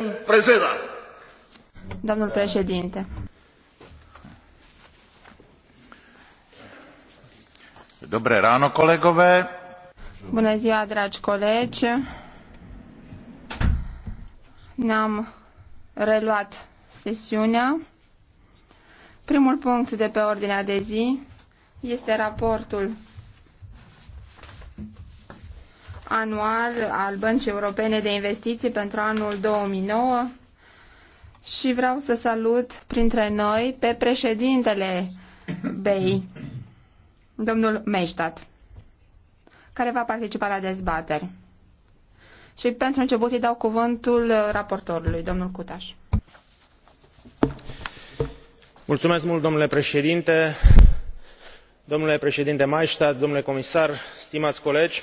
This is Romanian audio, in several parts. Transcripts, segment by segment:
În prezeda. Domnul președinte. Dobré ráno, kolegové. Bună ziua, dragi colegi. Ne-am reluat sesiunea. Primul punct de pe ordinea de zi este raportul anual al Băncii Europene de Investiții pentru anul 2009 și vreau să salut printre noi pe președintele BEI, domnul Meștat, care va participa la dezbateri. Și pentru început îi dau cuvântul raportorului, domnul Cutaș. Mulțumesc mult, domnule președinte, domnule președinte Maistat, domnule comisar, stimați colegi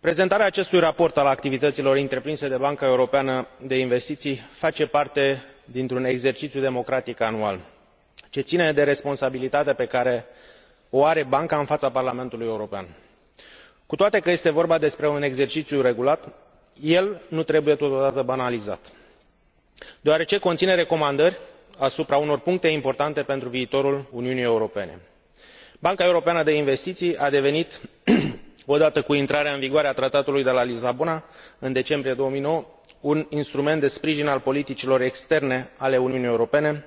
prezentarea acestui raport al activităilor întreprinse de banca europeană de investiii face parte dintr un exerciiu democratic anual ce ine de responsabilitatea pe care o are banca în faa parlamentului european. cu toate că este vorba despre un exerciiu regulat el nu trebuie totodată banalizat deoarece conine recomandări asupra unor puncte importante pentru viitorul uniunii europene. banca europeană de investiii a devenit odată cu intrarea în vigoare a tratatului de la lisabona în decembrie două mii nouă un instrument de sprijin al politicilor externe ale uniunii europene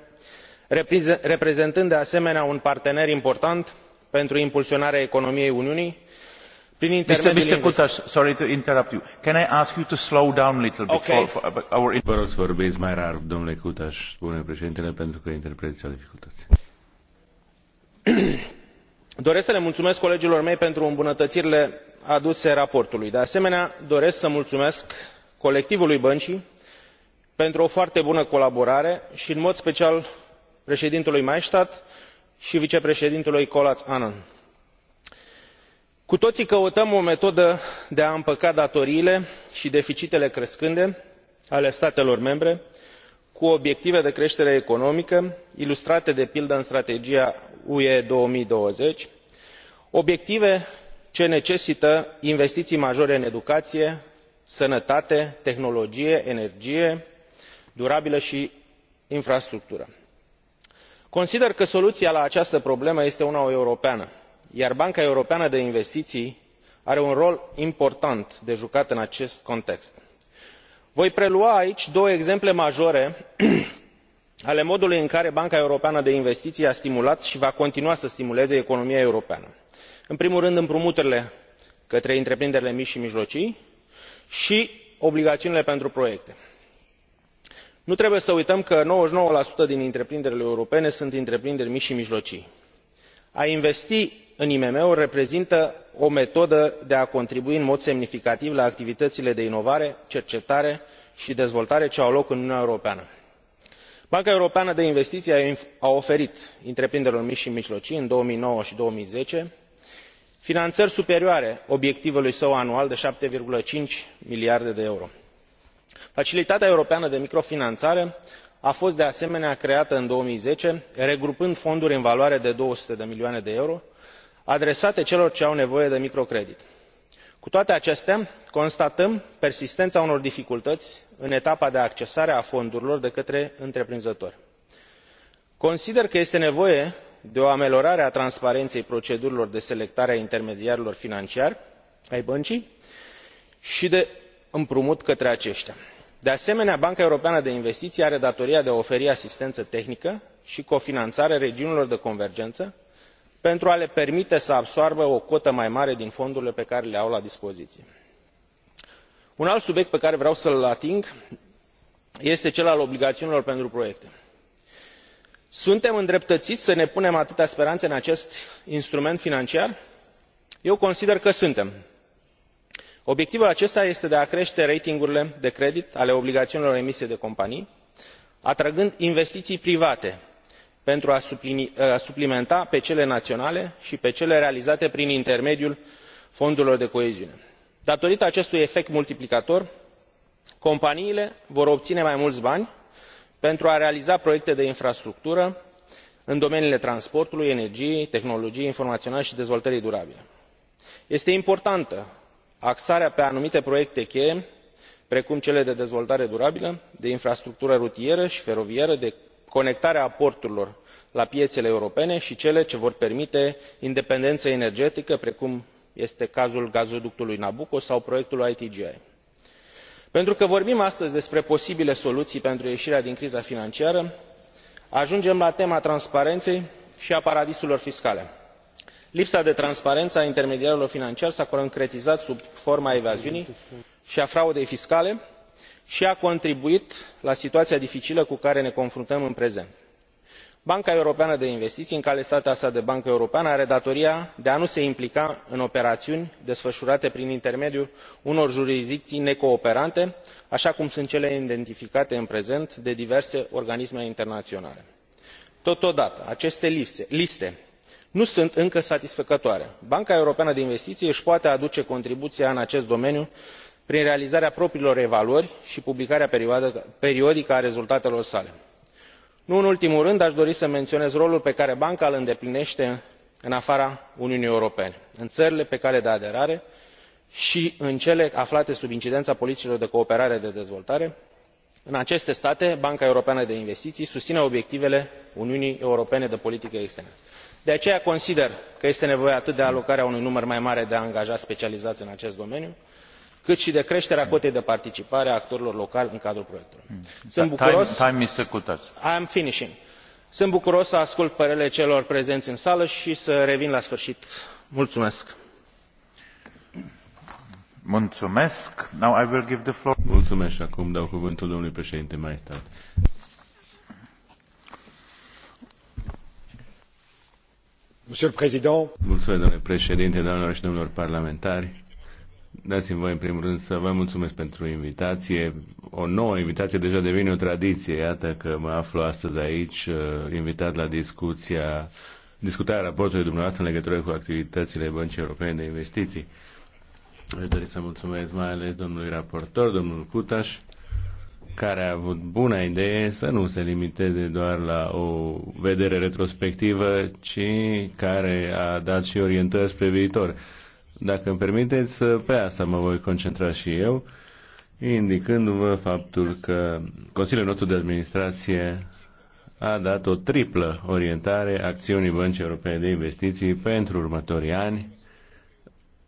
reprezentând de asemenea un partener important pentru impulsionarea economiei uniunii prin intermediul Vă mai rar, domnule pentru că doresc să le mulumesc colegilor mei pentru îmbunătăirile aduse raportului. de asemenea doresc să mulumesc colectivului băncii pentru o foarte bună colaborare i în mod special preedintelui maystadt i vicepreedintelui collatz annan. cu toii căutăm o metodă de a împăca datoriile i deficitele crescânde ale statelor membre cu obiective de cretere economică ilustrate de pildă în strategia ue două mii douăzeci obiective ce necesită investiii majore în educaie sănătate tehnologie energie durabilă i infrastructură. consider că soluia la această problemă este una europeană iar banca europeană de investiii are un rol important de jucat în acest context voi prelua aici două exemple majore ale modului în care banca europeană de investiii a stimulat i va continua să stimuleze economia europeană în primul rând împrumuturile către întreprinderile mici i mijlocii i obligaiunile pentru proiecte. nu trebuie să uităm că nouăzeci și nouă din întreprinderile europene sunt întreprinderi mici i mijlocii. a investi în imm uri reprezintă o metodă de a contribui în mod semnificativ la activitățile de inovare cercetare și dezvoltare ce au loc în uniunea europeană. banca europeană de investiții a oferit întreprinderilor mici și mijlocii în două mii nouă i două mii zece finanțări superioare obiectivului său anual de șapte cinci miliarde de euro. facilitatea europeană de microfinanțare a fost de asemenea creată în două mii zece regrupând fonduri în valoare de două sute de milioane de euro adresate celor ce au nevoie de microcredit. cu toate acestea constatăm persistena unor dificultăi în etapa de accesare a fondurilor de către întreprinzători. consider că este nevoie de o ameliorare a transparenei procedurilor de selectare a intermediarilor financiari ai băncii i de împrumut către acetia. de asemenea banca europeană de investiii are datoria de a oferi asistenă tehnică i cofinanare regiunilor de convergenă pentru a le permite să absoarbă o cotă mai mare din fondurile pe care le au la dispoziie. un alt subiect pe care vreau să l ating este cel al obligaiunilor pentru proiecte. suntem îndreptăii să ne punem atâtea sperane în acest instrument financiar? eu consider că suntem. obiectivul acesta este de a crete ratingurile de credit ale obligaiunilor emise de companii atrăgând investiii private pentru a suplimenta pe cele naionale i pe cele realizate prin intermediul fondurilor de coeziune. datorită acestui efect multiplicator companiile vor obine mai muli bani pentru a realiza proiecte de infrastructură în domeniile transportului energiei tehnologiei informaionale i dezvoltării durabile. este importantă axarea pe anumite proiecte cheie precum cele de dezvoltare durabilă de infrastructură rutieră i feroviară de conectarea porturilor la piețele europene și cele ce vor permite independență energetică precum este cazul gazoductului nabucco sau proiectului itgi. pentru că vorbim astăzi despre posibile soluții pentru ieșirea din criza financiară ajungem la tema transparenței și a paradisurilor fiscale. lipsa de transparență a intermediarilor financiari s a concretizat sub forma evaziunii și a fraudei fiscale i a contribuit la situaia dificilă cu care ne confruntăm în prezent. banca europeană de investiii în calitatea sa de bancă europeană are datoria de a nu se implica în operaiuni desfăurate prin intermediul unor jurisdicii necooperante aa cum sunt cele identificate în prezent de diverse organisme internaionale. totodată aceste liste nu sunt încă satisfăcătoare. banca europeană de investiii îi poate aduce contribuia în acest domeniu prin realizarea propriilor evaluări i publicarea periodică a rezultatelor sale. nu în ultimul rând a dori să menionez rolul pe care banca îl îndeplinete în afara uniunii europene în ările pe cale de aderare i în cele aflate sub incidena politicilor de cooperare de dezvoltare în aceste state banca europeană de investiii susine obiectivele uniunii europene de politică externă. de aceea consider că este nevoie atât de alocarea unui număr mai mare de angajai specializai în acest domeniu cât i de creterea cotei de participare a actorilor locali în cadrul proiectelor. Hmm. sunt bucuros să ascult părerile celor prezeni în sală i să revin la sfârit. mulumesc. domnule preedinte doamnelor i domnilor parlamentari dați-mi voi în primul rând să vă mulțumesc pentru invitație. O nouă invitație deja devine o tradiție. Iată că mă aflu astăzi aici, uh, invitat la discuția, discutarea raportului dumneavoastră în legătură cu activitățile Băncii Europene de Investiții. Aș dori să mulțumesc mai ales domnului raportor, domnul Cutaș, care a avut bună idee să nu se limiteze doar la o vedere retrospectivă, ci care a dat și orientări spre viitor. Dacă îmi permiteți, pe asta mă voi concentra și eu, indicându-vă faptul că Consiliul nostru de administrație a dat o triplă orientare acțiunii Băncii Europene de Investiții pentru următorii ani.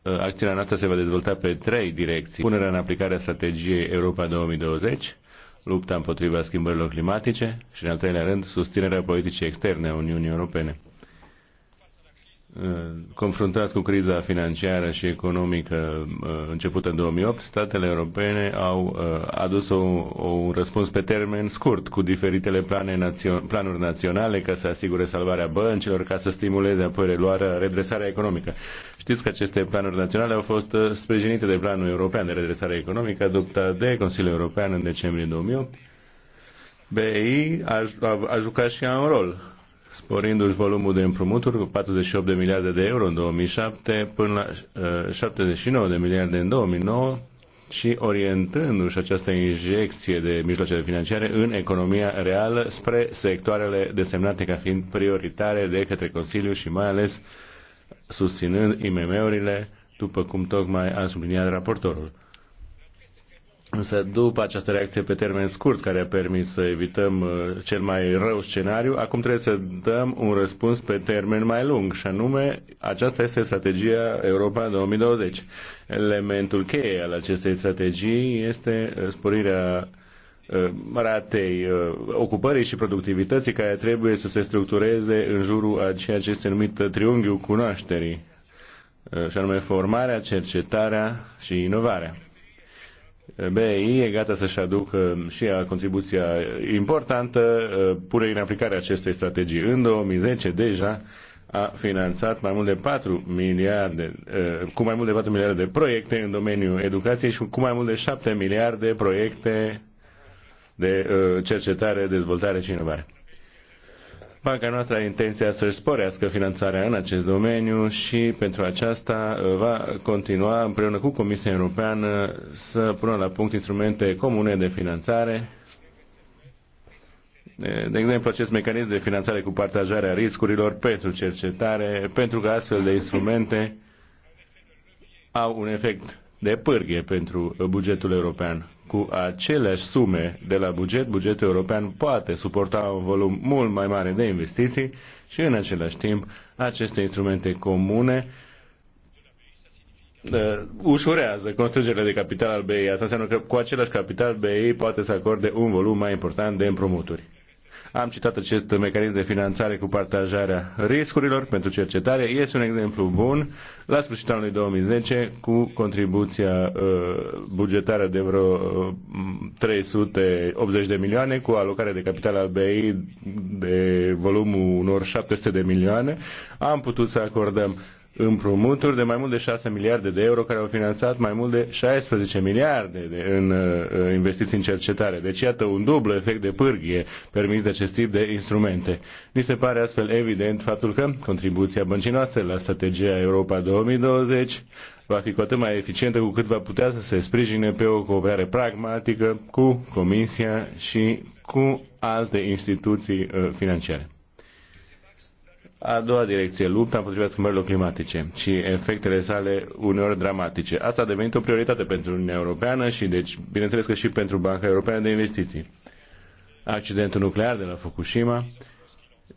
Acțiunea noastră se va dezvolta pe trei direcții. Punerea în aplicare a strategiei Europa 2020, lupta împotriva schimbărilor climatice și, în al treilea rând, susținerea politicii externe a Uniunii Europene. Uh, confruntați cu criza financiară și economică uh, începută în 2008, statele europene au uh, adus o, o, un răspuns pe termen scurt cu diferitele plane națio- planuri naționale ca să asigure salvarea băncilor, ca să stimuleze apoi reluarea, redresarea economică. Știți că aceste planuri naționale au fost sprijinite de planul european de redresare economică adoptat de Consiliul European în decembrie 2008. BEI a, a, a jucat și ea un rol sporindu-și volumul de împrumuturi cu 48 de miliarde de euro în 2007 până la 79 uh, de miliarde în 2009 și orientându-și această injecție de mijloace financiare în economia reală spre sectoarele desemnate ca fiind prioritare de către Consiliu și mai ales susținând IMM-urile, după cum tocmai a subliniat raportorul. Însă după această reacție pe termen scurt care a permis să evităm uh, cel mai rău scenariu, acum trebuie să dăm un răspuns pe termen mai lung și anume aceasta este strategia Europa 2020. Elementul cheie al acestei strategii este uh, sporirea uh, ratei ocupării și productivității care trebuie să se structureze în jurul a ceea ce este numit triunghiul cunoașterii, și anume formarea, cercetarea și inovarea. BEI e gata să-și aducă și ea contribuția importantă uh, pură în aplicarea acestei strategii. În 2010 deja a finanțat mai mult de 4 miliarde, uh, cu mai mult de 4 miliarde de proiecte în domeniul educației și cu mai mult de 7 miliarde de proiecte de uh, cercetare, dezvoltare și inovare. Banca noastră are intenția să-și sporească finanțarea în acest domeniu și pentru aceasta uh, va continua împreună cu Comisia Europeană să pună la punct instrumente comune de finanțare uh, de exemplu, acest mecanism de finanțare cu partajarea riscurilor pentru cercetare, pentru că astfel de instrumente au un efect de pârghie pentru bugetul european. Cu aceleași sume de la buget, bugetul european poate suporta un volum mult mai mare de investiții și în același timp aceste instrumente comune uh, ușurează construgerea de capital al BEI. Asta înseamnă că cu același capital BEI poate să acorde un volum mai important de împrumuturi. Am citat acest mecanism de finanțare cu partajarea riscurilor pentru cercetare. Este un exemplu bun. La sfârșitul anului 2010, cu contribuția uh, bugetară de vreo 380 uh, de milioane, cu alocarea de capital al BI de volumul unor 700 de milioane, am putut să acordăm împrumuturi de mai mult de 6 miliarde de euro care au finanțat mai mult de 16 miliarde de, în uh, uh, investiții în cercetare. Deci iată un dublu efect de pârghie permis de acest tip de instrumente. Mi se pare astfel evident faptul că contribuția băncii noastre la strategia Europa 2020 va fi cu atât mai eficientă cu cât va putea să se sprijine pe o cooperare pragmatică cu Comisia și cu alte instituții uh, financiare. A doua direcție, lupta împotriva schimbărilor climatice și efectele sale uneori dramatice. Asta a devenit o prioritate pentru Uniunea Europeană și, deci, bineînțeles că și pentru Banca Europeană de Investiții. Accidentul nuclear de la Fukushima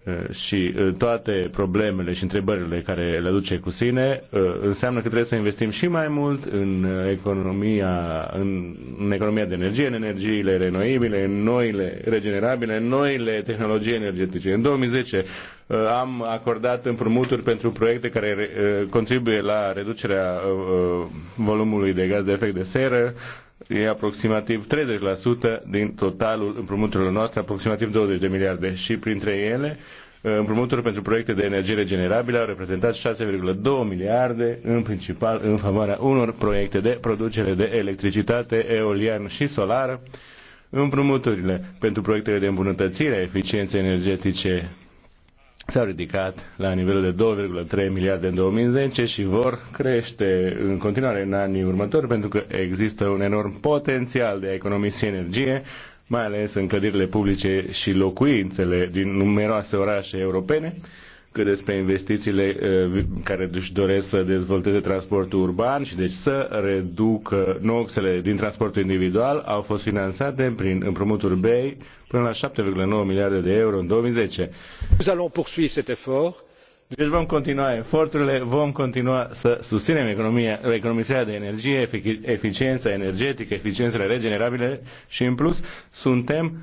Eh, și eh, toate problemele și întrebările care le aduce cu sine, eh, înseamnă că trebuie să investim și mai mult în economia, în, în economia de energie, în energiile renoibile, în noile regenerabile, în noile tehnologii energetice. În 2010 am acordat împrumuturi pentru proiecte care contribuie la reducerea volumului de gaz de efect de seră, e aproximativ 30% din totalul împrumuturilor noastre, aproximativ 20 de miliarde și printre ele împrumuturi pentru proiecte de energie regenerabilă au reprezentat 6,2 miliarde, în principal în favoarea unor proiecte de producere de electricitate, eolian și solar. Împrumuturile pentru proiectele de îmbunătățire a eficienței energetice s-au ridicat la nivelul de 2,3 miliarde în 2010 și vor crește în continuare în anii următori pentru că există un enorm potențial de a economisi energie, mai ales în clădirile publice și locuințele din numeroase orașe europene cât despre investițiile care își doresc să dezvolteze transportul urban și deci să reducă noxele din transportul individual au fost finanțate prin împrumuturi BEI până la 7,9 miliarde de euro în 2010. Nous allons poursuivre cet effort. Deci vom continua eforturile, vom continua să susținem economia, economisirea de energie, eficiența energetică, eficiențele regenerabile și în plus suntem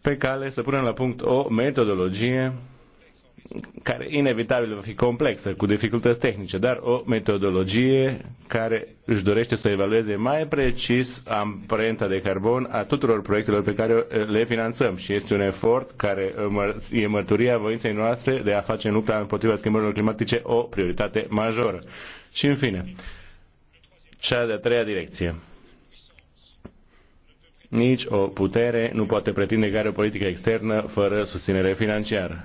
pe cale să punem la punct o metodologie care inevitabil va fi complexă, cu dificultăți tehnice, dar o metodologie care își dorește să evalueze mai precis amprenta de carbon a tuturor proiectelor pe care le finanțăm și este un efort care e mărturia voinței noastre de a face în lupta împotriva schimbărilor climatice o prioritate majoră. Și în fine, cea de-a treia direcție. Nici o putere nu poate pretinde că are o politică externă fără susținere financiară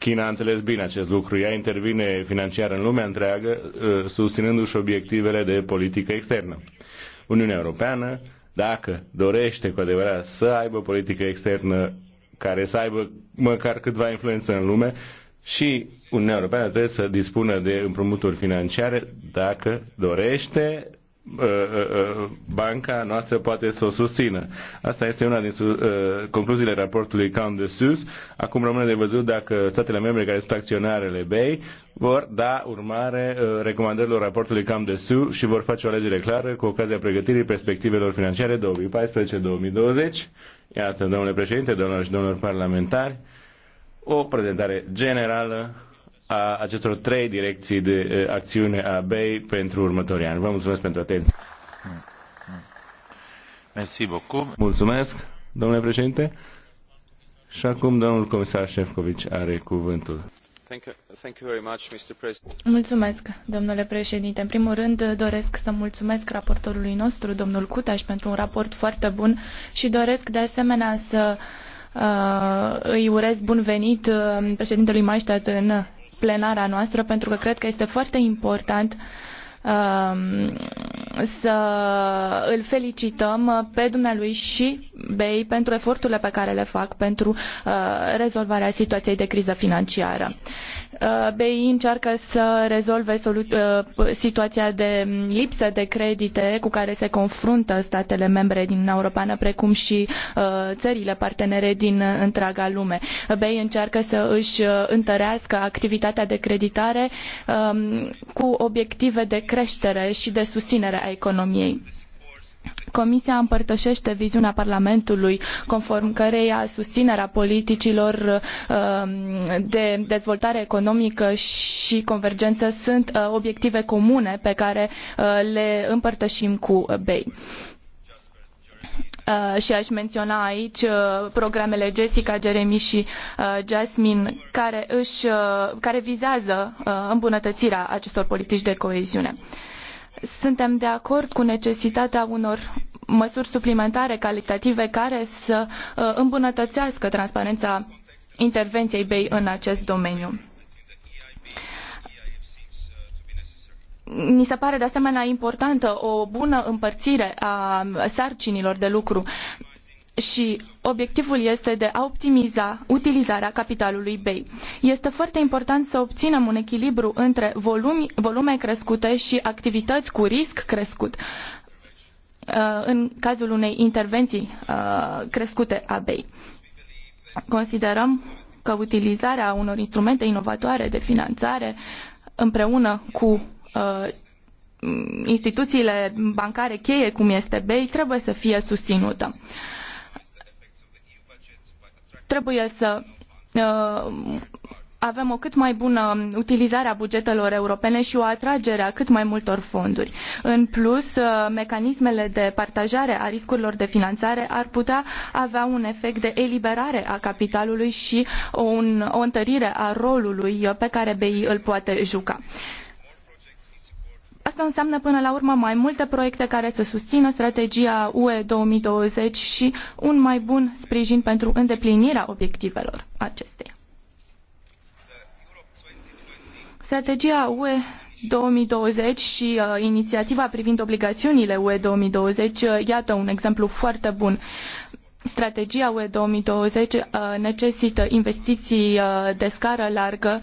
China a înțeles bine acest lucru. Ea intervine financiar în lumea întreagă, uh, susținându-și obiectivele de politică externă. Uniunea Europeană, dacă dorește cu adevărat să aibă politică externă care să aibă măcar câtva influență în lume, și Uniunea Europeană trebuie să dispună de împrumuturi financiare dacă dorește Uh, uh, banca noastră poate să o susțină. Asta este una din uh, concluziile raportului Count de Sus. Acum rămâne de văzut dacă statele membre care sunt acționarele BEI vor da urmare recomandărilor raportului Count de Sus și vor face o alegere clară cu ocazia pregătirii perspectivelor financiare 2014-2020. Iată, domnule președinte, domnilor și domnilor parlamentari, o prezentare generală a acestor trei direcții de eh, acțiune a BEI pentru următorii ani. Vă mulțumesc pentru atenție. Mulțumesc, domnule președinte. Și acum domnul comisar Șefcovici are cuvântul. Mulțumesc, domnule președinte. În primul rând, doresc să mulțumesc raportorului nostru, domnul Cutaș, pentru un raport foarte bun și doresc de asemenea să uh, îi urez bun venit uh, președintelui Maștat în plenara noastră pentru că cred că este foarte important um, să îl felicităm pe dumnealui și BEI pentru eforturile pe care le fac pentru uh, rezolvarea situației de criză financiară. Uh, BI încearcă să rezolve uh, situația de lipsă de credite cu care se confruntă statele membre din Uniunea Europeană, precum și uh, țările partenere din întreaga lume. BI încearcă să își întărească activitatea de creditare um, cu obiective de creștere și de susținere a economiei. Comisia împărtășește viziunea Parlamentului conform căreia susținerea politicilor um, de dezvoltare economică și convergență sunt uh, obiective comune pe care uh, le împărtășim cu BEI uh, și aș menționa aici programele Jessica, Jeremy și Jasmine, care, își, care vizează îmbunătățirea acestor politici de coeziune. Suntem de acord cu necesitatea unor măsuri suplimentare calitative care să uh, îmbunătățească transparența intervenției BEI în acest domeniu. Ni se pare de asemenea importantă o bună împărțire a sarcinilor de lucru și obiectivul este de a optimiza utilizarea capitalului BEI. Este foarte important să obținem un echilibru între volumi, volume crescute și activități cu risc crescut uh, în cazul unei intervenții uh, crescute a BEI. Considerăm că utilizarea unor instrumente inovatoare de finanțare împreună cu uh, instituțiile bancare cheie, cum este BEI, trebuie să fie susținută. Uh, Trebuie să uh, avem o cât mai bună utilizare a bugetelor europene și o atragere a cât mai multor fonduri. În plus, uh, mecanismele de partajare a riscurilor de finanțare ar putea avea un efect de eliberare a capitalului și un, o întărire a rolului pe care BI îl poate juca. Asta înseamnă până la urmă mai multe proiecte care să susțină strategia UE 2020 și un mai bun sprijin pentru îndeplinirea obiectivelor acesteia. Strategia UE 2020 și uh, inițiativa privind obligațiunile UE 2020, uh, iată un exemplu foarte bun. Strategia UE 2020 uh, necesită investiții uh, de scară largă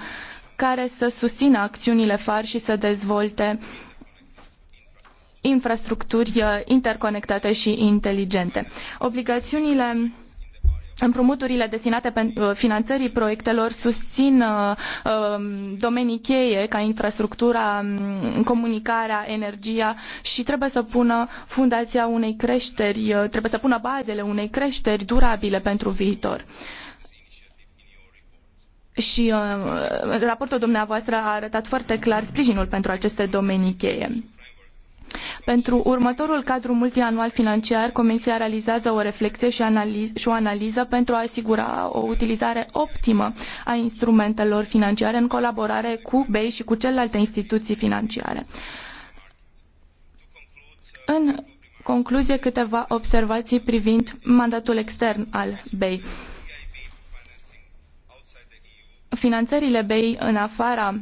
care să susțină acțiunile FAR și să dezvolte uh, infrastructuri uh, interconectate și inteligente. Obligațiunile Împrumuturile destinate uh, finanțării proiectelor susțin uh, um, domenii cheie ca infrastructura, um, comunicarea, energia și trebuie să pună fundația unei creșteri, trebuie să pună bazele unei creșteri durabile pentru viitor. Și raportul dumneavoastră a arătat foarte clar sprijinul pentru aceste domenii cheie. Pentru următorul cadru multianual financiar, Comisia realizează o reflexie și, analiz- și o analiză pentru a asigura o utilizare optimă a instrumentelor financiare în colaborare cu BEI și cu celelalte instituții financiare. În concluzie, câteva observații privind mandatul extern al BEI. Finanțările BEI în afara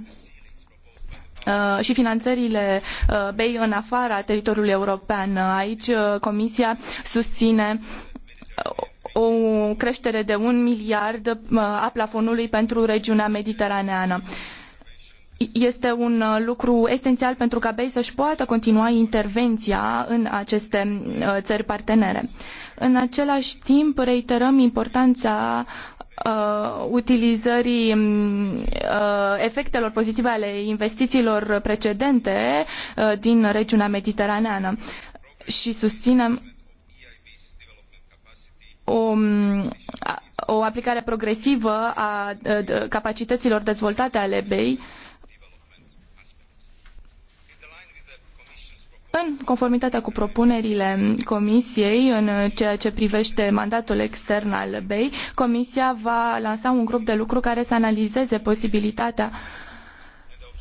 Uh, și finanțările uh, BEI în afara teritoriului european. Uh, aici Comisia susține o creștere de un miliard a plafonului pentru regiunea mediteraneană. Este un lucru esențial pentru ca BEI să-și poată continua intervenția în aceste țări partenere. În același timp, reiterăm importanța uh, utilizării mm, uh, efectelor pozitive ale investițiilor precedente uh, din regiunea mediteraneană și susținem o, mm, o aplicare progresivă a, a uh, capacităților dezvoltate ale BEI uh, În conformitate cu propunerile Comisiei în uh, ceea ce privește mandatul extern al BEI, Comisia va lansa un grup de lucru care să analizeze posibilitatea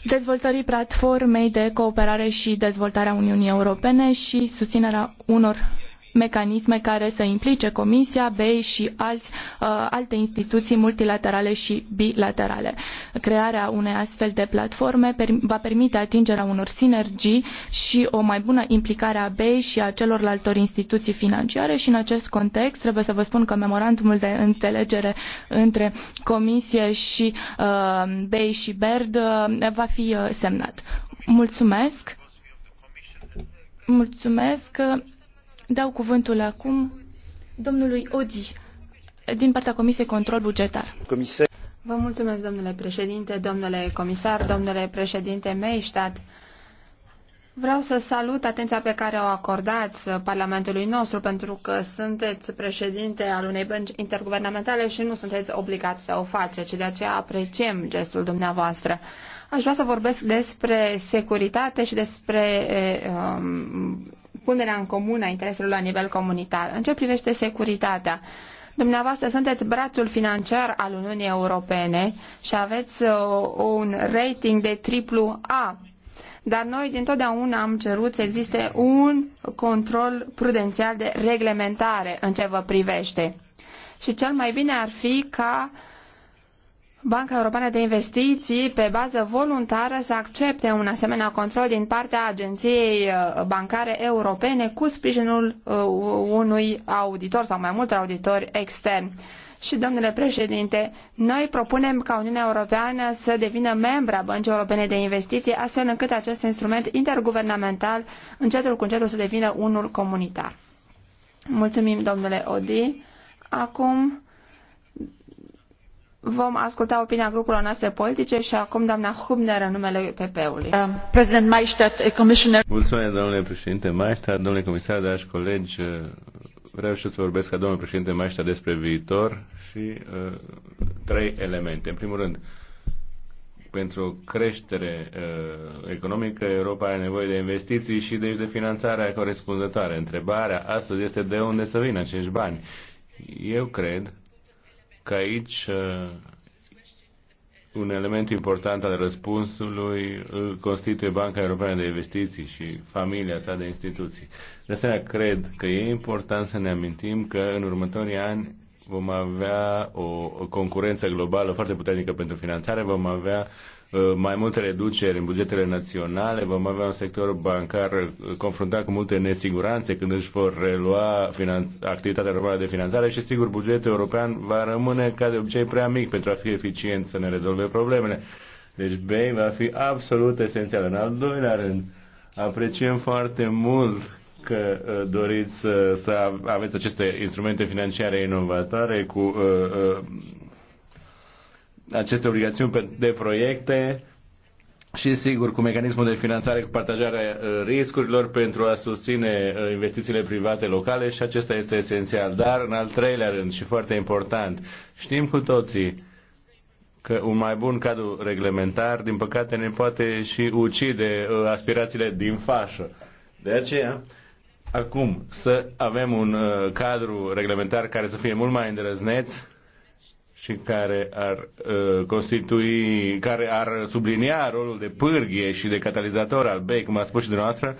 dezvoltării platformei de cooperare și dezvoltare a Uniunii Europene și susținerea unor mecanisme care să implice Comisia, BEI și alți, uh, alte instituții multilaterale și bilaterale. Crearea unei astfel de platforme va permite atingerea unor sinergii și o mai bună implicare a BEI și a celorlalte instituții financiare și în acest context trebuie să vă spun că memorandumul de înțelegere între Comisie și uh, BEI și BERD uh, va fi uh, semnat. Mulțumesc! Mulțumesc! Dau cuvântul acum domnului Odi din partea Comisiei Control Bugetar. Comisar. Vă mulțumesc, domnule președinte, domnule comisar, domnule președinte Meistat. Vreau să salut atenția pe care o acordați Parlamentului nostru, pentru că sunteți președinte al unei bănci interguvernamentale și nu sunteți obligat să o faceți, de aceea apreciem gestul dumneavoastră. Aș vrea să vorbesc despre securitate și despre eh, um, punerea în comun a intereselor la nivel comunitar. În ce privește securitatea? Dumneavoastră sunteți brațul financiar al Uniunii Europene și aveți uh, un rating de triplu A. Dar noi dintotdeauna am cerut să existe un control prudențial de reglementare în ce vă privește. Și cel mai bine ar fi ca uh, Banca Europeană de Investiții, pe bază voluntară, să accepte un asemenea control din partea Agenției uh, Bancare Europene cu sprijinul uh, unui auditor sau mai multor auditori externi. Și, domnule președinte, noi propunem ca Uniunea Europeană să devină membra Băncii Europene de Investiții, astfel încât acest instrument interguvernamental încetul cu încetul să devină unul comunitar. Mulțumim, domnule Odi. Acum Vom asculta opinia grupurilor noastre politice și acum doamna Hubner în numele PP-ului. Um, President Maestat, uh, Commissioner. Mulțumesc, domnule președinte Maestat, domnule comisar, dragi colegi. Uh, vreau și să vorbesc ca domnul președinte Maestat despre viitor și uh, trei elemente. În primul rând, pentru o creștere uh, economică, Europa are nevoie de investiții și deci de finanțarea corespunzătoare. Întrebarea astăzi este de unde să vină acești bani. Eu cred că aici uh, un element important al răspunsului îl constituie Banca Europeană de Investiții și familia sa de instituții. De asemenea, cred că e important să ne amintim că în următorii ani vom avea o concurență globală foarte puternică pentru finanțare, vom avea mai multe reduceri în bugetele naționale, vom avea un sector bancar confruntat cu multe nesiguranțe când își vor relua activitatea normală de finanțare și, sigur, bugetul european va rămâne, ca de obicei, prea mic pentru a fi eficient să ne rezolve problemele. Deci BEI va fi absolut esențial. În al doilea rând, apreciem foarte mult că uh, doriți să, să aveți aceste instrumente financiare inovatoare cu uh, uh, aceste obligațiuni de proiecte și sigur cu mecanismul de finanțare cu partajarea uh, riscurilor pentru a susține uh, investițiile private locale și acesta este esențial. Dar în al treilea rând și foarte important, știm cu toții că un mai bun cadru reglementar, din păcate, ne poate și ucide uh, aspirațiile din fașă. De aceea, acum, să avem un cadru reglementar care să fie mult mai îndrăzneț, și care ar uh, constitui, care ar sublinia rolul de pârghie și de catalizator al BEI, cum a spus și dumneavoastră,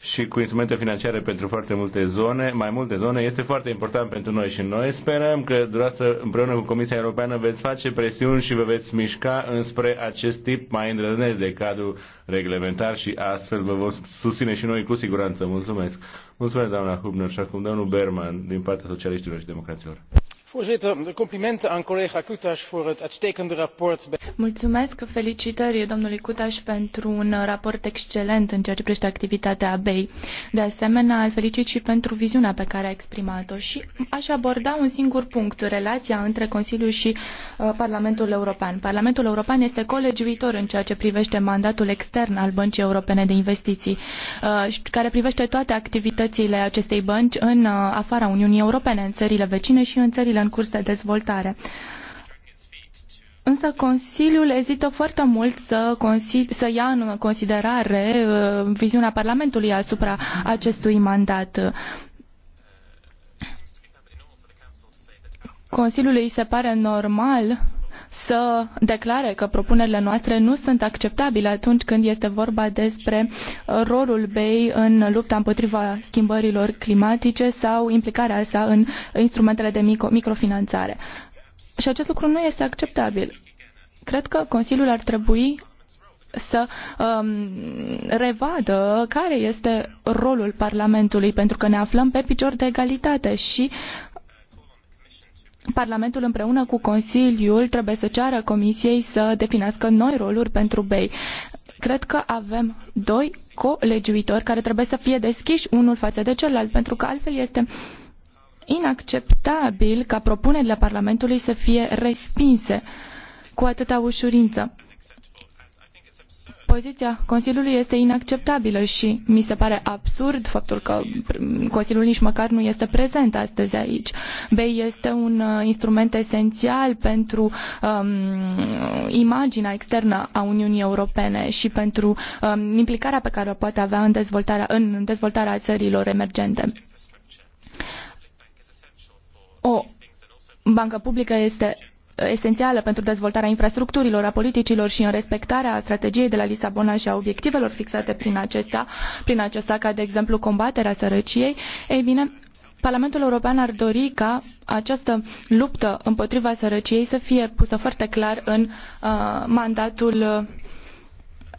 și cu instrumente financiare pentru foarte multe zone, mai multe zone, este foarte important pentru noi și noi sperăm că dumneavoastră împreună cu Comisia Europeană veți face presiuni și vă veți mișca înspre acest tip mai îndrăznesc de cadru reglementar și astfel vă vom susține și noi cu siguranță. Mulțumesc! Mulțumesc, doamna Hubner, și acum domnul Berman din partea Socialiștilor și Democraților voorzitter de complimenten aan collega cuta voor het uitstekende rapport. felicitări domnului cuta pentru un raport excelent în ceea ce privește activitatea bei. de asemenea îl felicit și pentru viziunea pe care a exprimat o și aș aborda un singur punct relația între consiliu și uh, parlamentul european. parlamentul european este colegiuitor în ceea ce privește mandatul extern al băncii europene de investiții uh, care privește toate activitățile acestei bănci în uh, afara uniunii europene în țările vecine și în țările în curs de dezvoltare. Însă Consiliul ezită foarte mult să, să ia în considerare uh, viziunea Parlamentului asupra acestui mandat. Consiliului îi se pare normal să declare că propunerile noastre nu sunt acceptabile atunci când este vorba despre uh, rolul BEI în lupta împotriva schimbărilor climatice sau implicarea sa în instrumentele de micro- microfinanțare. Și acest lucru nu este acceptabil. Cred că Consiliul ar trebui să um, revadă care este rolul Parlamentului, pentru că ne aflăm pe picior de egalitate și Parlamentul împreună cu Consiliul trebuie să ceară Comisiei să definească noi roluri pentru BEI. Cred că avem doi colegiuitori care trebuie să fie deschiși unul față de celălalt, pentru că altfel este inacceptabil ca propunerile Parlamentului să fie respinse cu atâta ușurință. Poziția Consiliului este inacceptabilă și mi se pare absurd faptul că Consiliul nici măcar nu este prezent astăzi aici. BEI este un uh, instrument esențial pentru um, imaginea externă a Uniunii Europene și pentru um, implicarea pe care o poate avea în dezvoltarea, în dezvoltarea țărilor emergente. O bancă publică este esențială pentru dezvoltarea infrastructurilor, a politicilor și în respectarea strategiei de la Lisabona și a obiectivelor fixate prin acesta, prin acesta, ca de exemplu combaterea sărăciei, ei bine, Parlamentul European ar dori ca această luptă împotriva sărăciei să fie pusă foarte clar în uh, mandatul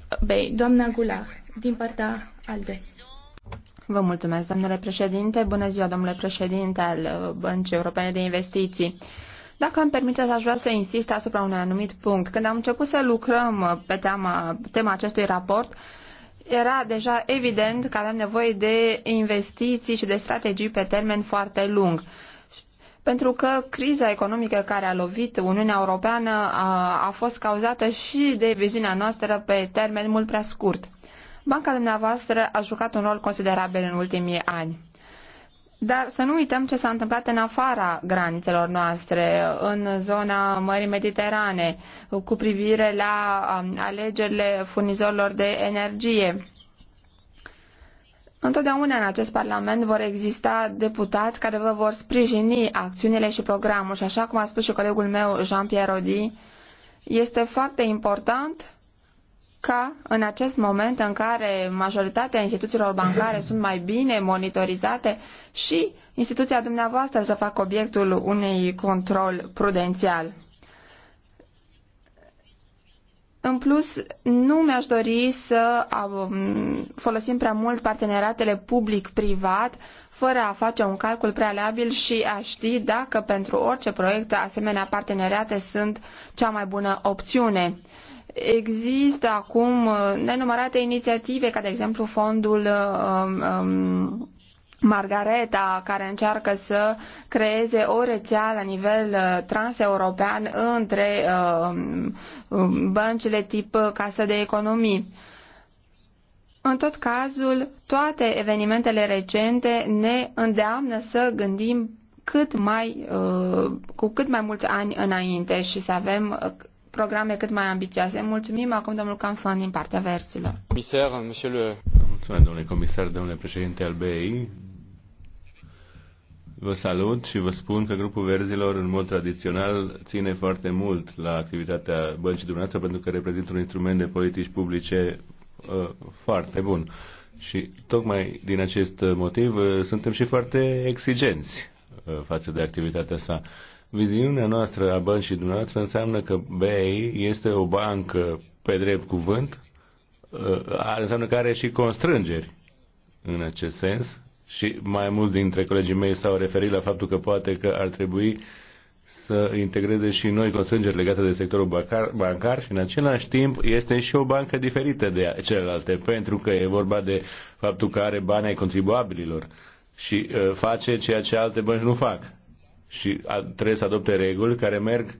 uh, BEI. Doamna Gulah, din partea ALDE. Vă mulțumesc, domnule președinte. Bună ziua, domnule președinte al uh, Băncii Europene de Investiții. Uh, dacă îmi permiteți, aș vrea să insist asupra unui anumit punct. Când am început să lucrăm uh, pe tema, tema acestui raport, era deja evident că aveam nevoie de investiții și de strategii pe termen foarte lung pentru că criza economică care a lovit Uniunea Europeană a, a fost cauzată și de viziunea noastră pe termen mult prea scurt. Banca dumneavoastră a jucat un rol considerabil în ultimii ani. Dar să nu uităm ce s-a întâmplat în afara granițelor noastre, în zona Mării Mediterane, cu privire la um, alegerile furnizorilor de energie. Întotdeauna în acest Parlament vor exista deputați care vă vor sprijini acțiunile și programul și așa cum a spus și colegul meu Jean-Pierre Rodi, este foarte important ca în acest moment în care majoritatea instituțiilor bancare sunt mai bine monitorizate și instituția dumneavoastră să facă obiectul unui control prudențial. În plus, nu mi-aș dori să folosim prea mult parteneriatele public-privat fără a face un calcul prealabil și a ști dacă pentru orice proiect asemenea parteneriate sunt cea mai bună opțiune. Există acum uh, nenumărate inițiative, ca de exemplu fondul uh, um, um, Margareta, care încearcă să creeze o rețea la nivel uh, transeuropean între uh, um, băncile tip casă de economii. În tot cazul, toate evenimentele recente ne îndeamnă să gândim cât mai, uh, cu cât mai mulți ani înainte și să avem programe cât mai ambițioase. Mulțumim acum domnul Canfan din partea versilor. Comisar, monsieur le... Mulțumesc, domnule comisar, domnule președinte al BEI. Vă salut și vă spun că grupul verzilor, în mod tradițional, ține foarte mult la activitatea băncii dumneavoastră pentru că reprezintă un instrument de politici publice uh, foarte bun. Și tocmai din acest motiv uh, suntem și foarte exigenți uh, față de activitatea sa. Viziunea noastră a băncii dumneavoastră înseamnă că BEI este o bancă pe drept cuvânt, uh, înseamnă că are și constrângeri în acest sens și mai mulți dintre colegii mei s-au referit la faptul că poate că ar trebui să integreze și noi constrângeri legate de sectorul bancar, bancar și în același timp este și o bancă diferită de celelalte, pentru că e vorba de faptul că are bani ai contribuabililor și uh, face ceea ce alte bănci nu fac. Și a, trebuie să adopte reguli care merg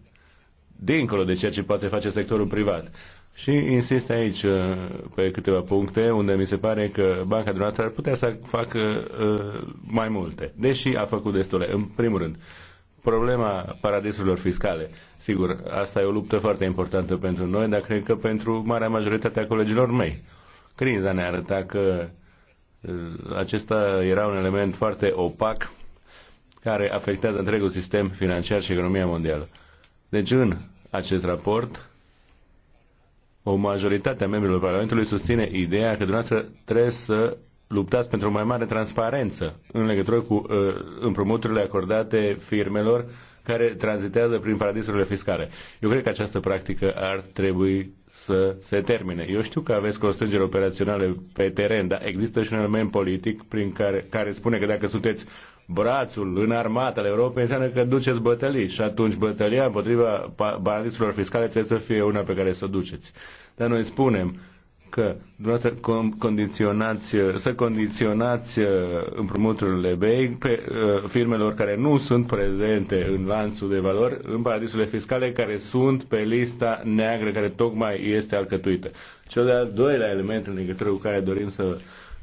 dincolo de ceea ce poate face sectorul privat. Și insist aici uh, pe câteva puncte unde mi se pare că banca dumneavoastră ar putea să facă uh, mai multe, deși a făcut destule. În primul rând, problema paradisurilor fiscale. Sigur, asta e o luptă foarte importantă pentru noi, dar cred că pentru marea majoritate a colegilor mei. Criza ne arăta că uh, acesta era un element foarte opac care afectează întregul sistem financiar și economia mondială. Deci în acest raport o majoritate a membrilor Parlamentului susține ideea că dumneavoastră trebuie să luptați pentru o mai mare transparență în legătură cu uh, împrumuturile acordate firmelor care tranzitează prin paradisurile fiscale. Eu cred că această practică ar trebui să se termine. Eu știu că aveți constrângeri operaționale pe teren, dar există și un element politic prin care, care spune că dacă sunteți brațul în armată, al Europei, înseamnă că duceți bătălii și atunci bătălia împotriva paradisurilor fiscale trebuie să fie una pe care să o duceți. Dar noi spunem, că dumneavoastră condiționați, uh, să condiționați uh, împrumuturile BEI pe uh, firmelor care nu sunt prezente în lanțul de valori, în paradisurile fiscale care sunt pe lista neagră care tocmai este alcătuită. Cel de-al doilea element în legătură cu care dorim să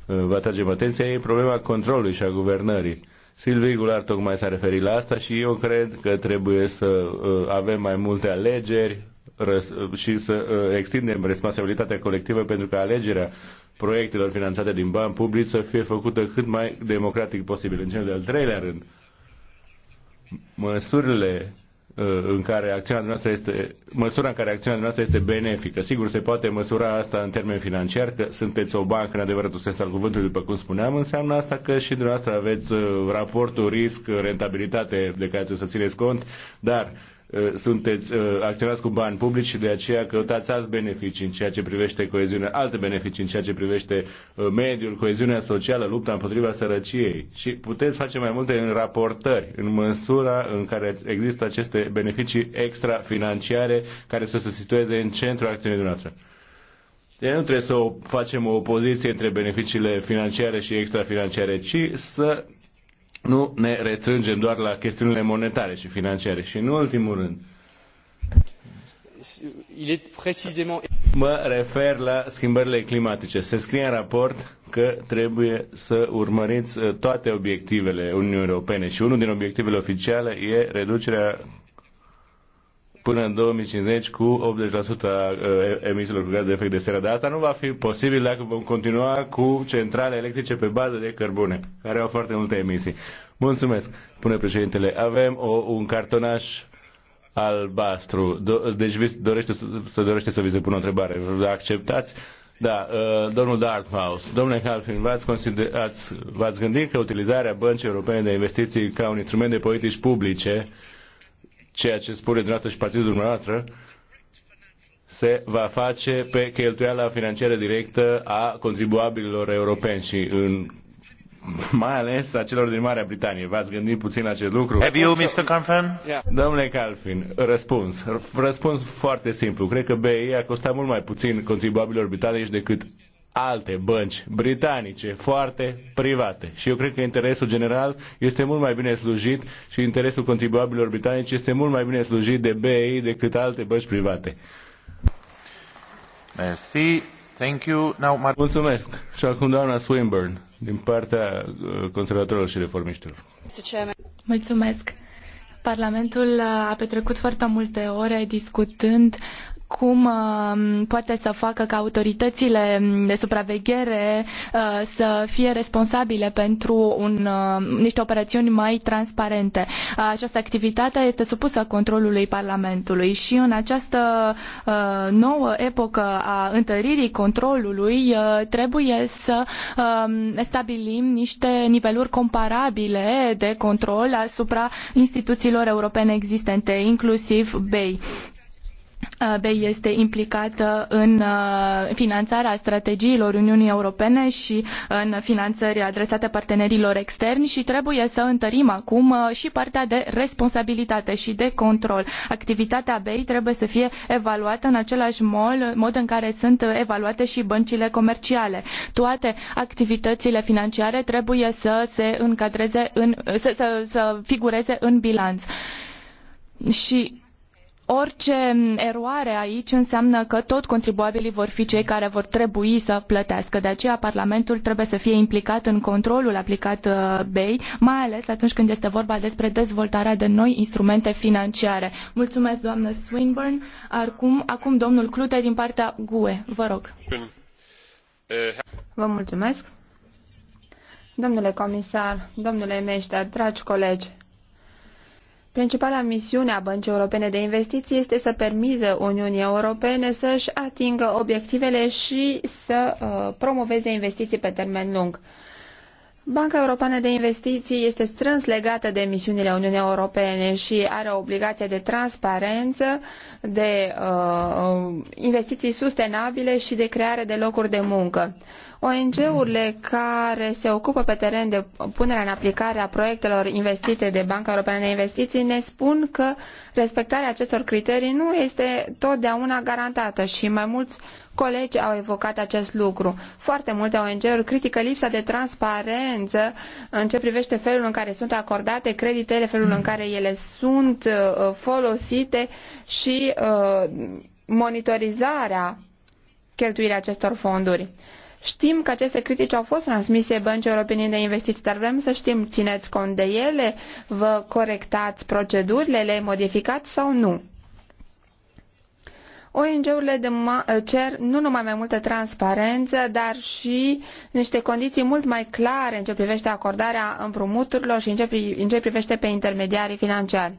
vă atragem atenția e problema controlului și a guvernării. Silviu Gular tocmai s-a referit la asta și eu cred că trebuie să avem mai multe alegeri și să uh, extindem responsabilitatea colectivă pentru că alegerea proiectelor finanțate din bani publici să fie făcută cât mai democratic posibil. În cel de-al treilea rând, măsurile uh, în care acțiunea noastră este, măsura în care acțiunea noastră este benefică. Sigur, se poate măsura asta în termen financiar, că sunteți o bancă în adevăratul sens al cuvântului, după cum spuneam, înseamnă asta că și dumneavoastră aveți uh, raportul risc-rentabilitate de care trebuie să țineți cont, dar Uh, sunteți, uh, acționați cu bani publici și de aceea căutați alți beneficii în ceea ce privește coeziunea, alte beneficii în ceea ce privește uh, mediul, coeziunea socială, lupta împotriva sărăciei și puteți face mai multe în raportări, în măsura în care există aceste beneficii extrafinanciare care să se situeze în centrul acțiunii dumneavoastră. Deci nu trebuie să o facem o opoziție între beneficiile financiare și extrafinanciare, ci să nu ne retrângem doar la chestiunile monetare și financiare. Și în ultimul rând, mă refer la schimbările climatice. Se scrie în raport că trebuie să urmăriți uh, toate obiectivele Uniunii Europene și unul din obiectivele oficiale e reducerea până în 2050 cu 80% a emisiilor cu gaz de efect de seră. Dar asta nu va fi posibil dacă vom continua cu centrale electrice pe bază de cărbune, care au foarte multe emisii. Mulțumesc, pune președintele. Avem o, un cartonaș albastru. Do- deci dorește, să dorește să vi se pună o întrebare. Acceptați? Da, uh, domnul Dartmouth, domnule Halfin, v-ați, consider- ați, v-ați gândit că utilizarea băncii europene de investiții ca un instrument de politici publice ceea ce spune dumneavoastră și partidul dumneavoastră, se va face pe cheltuiala financiară directă a contribuabililor europeni și în mai ales a celor din Marea Britanie. V-ați gândit puțin la acest lucru? Have you, Mr. Calfin? Yeah. Domnule Calfin, răspuns. Răspuns foarte simplu. Cred că BEI a costat mult mai puțin contribuabililor britanici decât alte bănci britanice, foarte private. Și eu cred că interesul general este mult mai bine slujit și interesul contribuabililor britanici este mult mai bine slujit de BEI decât alte bănci private. Merci. Thank you. Now, Mulțumesc. Și acum doamna Swinburne, din partea uh, conservatorilor și reformiștilor. Mulțumesc. Parlamentul uh, a petrecut foarte multe ore discutând cum uh, poate să facă ca autoritățile de supraveghere uh, să fie responsabile pentru un, uh, niște operațiuni mai transparente. Această activitate este supusă controlului Parlamentului și în această nouă epocă a întăririi controlului trebuie să um, stabilim niște niveluri comparabile de control asupra instituțiilor europene existente, inclusiv BEI BEI este implicată în uh, finanțarea strategiilor Uniunii Europene și în finanțări adresate partenerilor externi și trebuie să întărim acum uh, și partea de responsabilitate și de control. Activitatea BEI trebuie să fie evaluată în același mod, mod în care sunt evaluate și băncile comerciale. Toate activitățile financiare trebuie să se încadreze în, să, să, să figureze în bilanț. Și Orice eroare aici înseamnă că tot contribuabilii vor fi cei care vor trebui să plătească. De aceea Parlamentul trebuie să fie implicat în controlul aplicat uh, BEI, mai ales atunci când este vorba despre dezvoltarea de noi instrumente financiare. Mulțumesc, doamnă Swinburne. Acum, acum domnul Clute din partea GUE. Vă rog. Vă mulțumesc. Domnule comisar, domnule Meștea, dragi colegi, Principala misiune a Băncii Europene de Investiții este să permită Uniunii Europene să-și atingă obiectivele și să uh, promoveze investiții pe termen lung. Banca Europeană de Investiții este strâns legată de misiunile Uniunii Europene și are obligația de transparență, de uh, investiții sustenabile și de creare de locuri de muncă. ONG-urile care se ocupă pe teren de punerea în aplicare a proiectelor investite de Banca Europeană de Investiții ne spun că respectarea acestor criterii nu este totdeauna garantată și mai mulți colegi au evocat acest lucru. Foarte multe ONG-uri critică lipsa de transparență în ce privește felul în care sunt acordate creditele, felul în care ele sunt uh, folosite și uh, monitorizarea cheltuirii acestor fonduri. Știm că aceste critici au fost transmise băncii europene de investiții, dar vrem să știm, țineți cont de ele, vă corectați procedurile, le modificați sau nu? ONG-urile ă, cer nu numai mai multă transparență, dar și niște condiții mult mai clare în ce privește acordarea împrumuturilor și în ce, ce privește pe intermediarii financiari.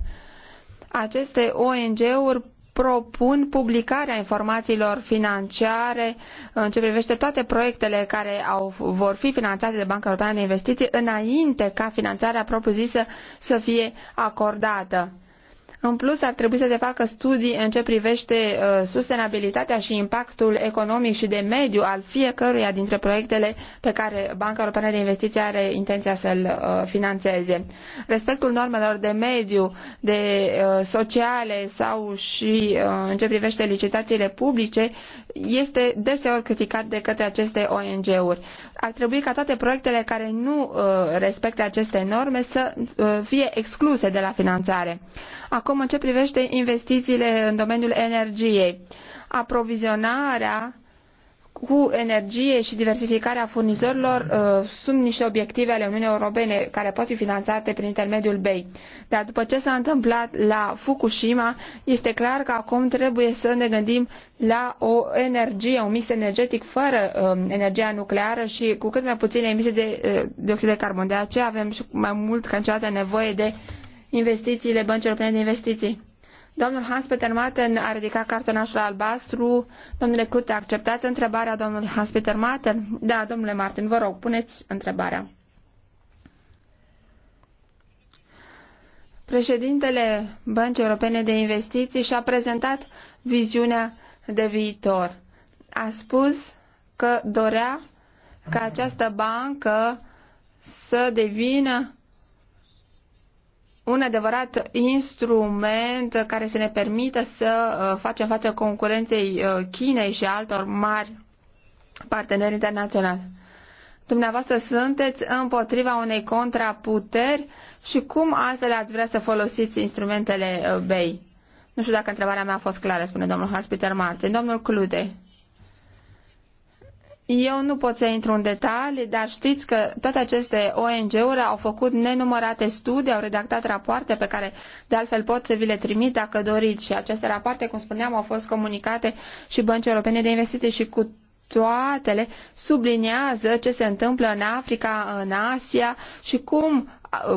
Aceste ONG-uri propun publicarea informațiilor financiare în ce privește toate proiectele care au, vor fi finanțate de Banca Europeană de Investiții înainte ca finanțarea propriu-zisă să fie acordată în plus, ar trebui să se facă studii în ce privește uh, sustenabilitatea și impactul economic și de mediu al fiecăruia dintre proiectele pe care Banca Europeană de Investiții are intenția să-l uh, finanțeze. Respectul normelor de mediu, de uh, sociale sau și uh, în ce privește licitațiile publice este deseori criticat de către aceste ONG-uri. Ar trebui ca toate proiectele care nu uh, respectă aceste norme să uh, fie excluse de la finanțare. Acum Acum, în ce privește investițiile în domeniul energiei, aprovizionarea cu energie și diversificarea furnizorilor uh, sunt niște obiective ale Uniunii Europene care pot fi finanțate prin intermediul BEI. Dar după ce s-a întâmplat la Fukushima, este clar că acum trebuie să ne gândim la o energie, un mix energetic fără uh, energia nucleară și cu cât mai puține emisii de uh, dioxid de carbon. De aceea avem și mai mult ca niciodată nevoie de investițiile băncilor europene de investiții. Domnul Hans Peter Maten a ridicat cartonașul albastru. Domnule Clute, acceptați întrebarea domnului Hans Peter Maten? Da, domnule Martin, vă rog, puneți întrebarea. Președintele Băncii Europene de Investiții și-a prezentat viziunea de viitor. A spus că dorea ca această bancă să devină un adevărat instrument care să ne permită să uh, facem față concurenței uh, Chinei și altor mari parteneri internaționali. Dumneavoastră sunteți împotriva unei contraputeri și cum altfel ați vrea să folosiți instrumentele uh, BEI? Nu știu dacă întrebarea mea a fost clară, spune domnul Haspiter Martin. Domnul Clute. Eu nu pot să intru în detalii, dar știți că toate aceste ONG-uri au făcut nenumărate studii, au redactat rapoarte pe care de altfel pot să vi le trimit dacă doriți și aceste rapoarte, cum spuneam, au fost comunicate și băncii europene de investiții și cu toatele subliniază ce se întâmplă în Africa, în Asia și cum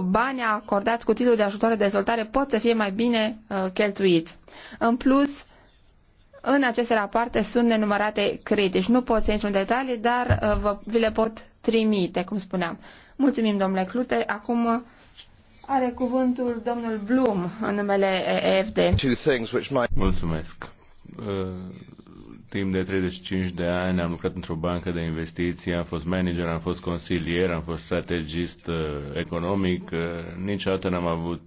banii acordați cu titlul de ajutor de dezvoltare pot să fie mai bine uh, cheltuiți. În plus, în aceste rapoarte sunt nenumărate critici. Nu pot să intru în detalii, dar uh, vă, vi le pot trimite, cum spuneam. Mulțumim, domnule Clute. Acum uh, are cuvântul domnul Blum în numele uh, EFD. Mulțumesc. Uh timp de 35 de ani am lucrat într-o bancă de investiții, am fost manager, am fost consilier, am fost strategist economic, niciodată n-am avut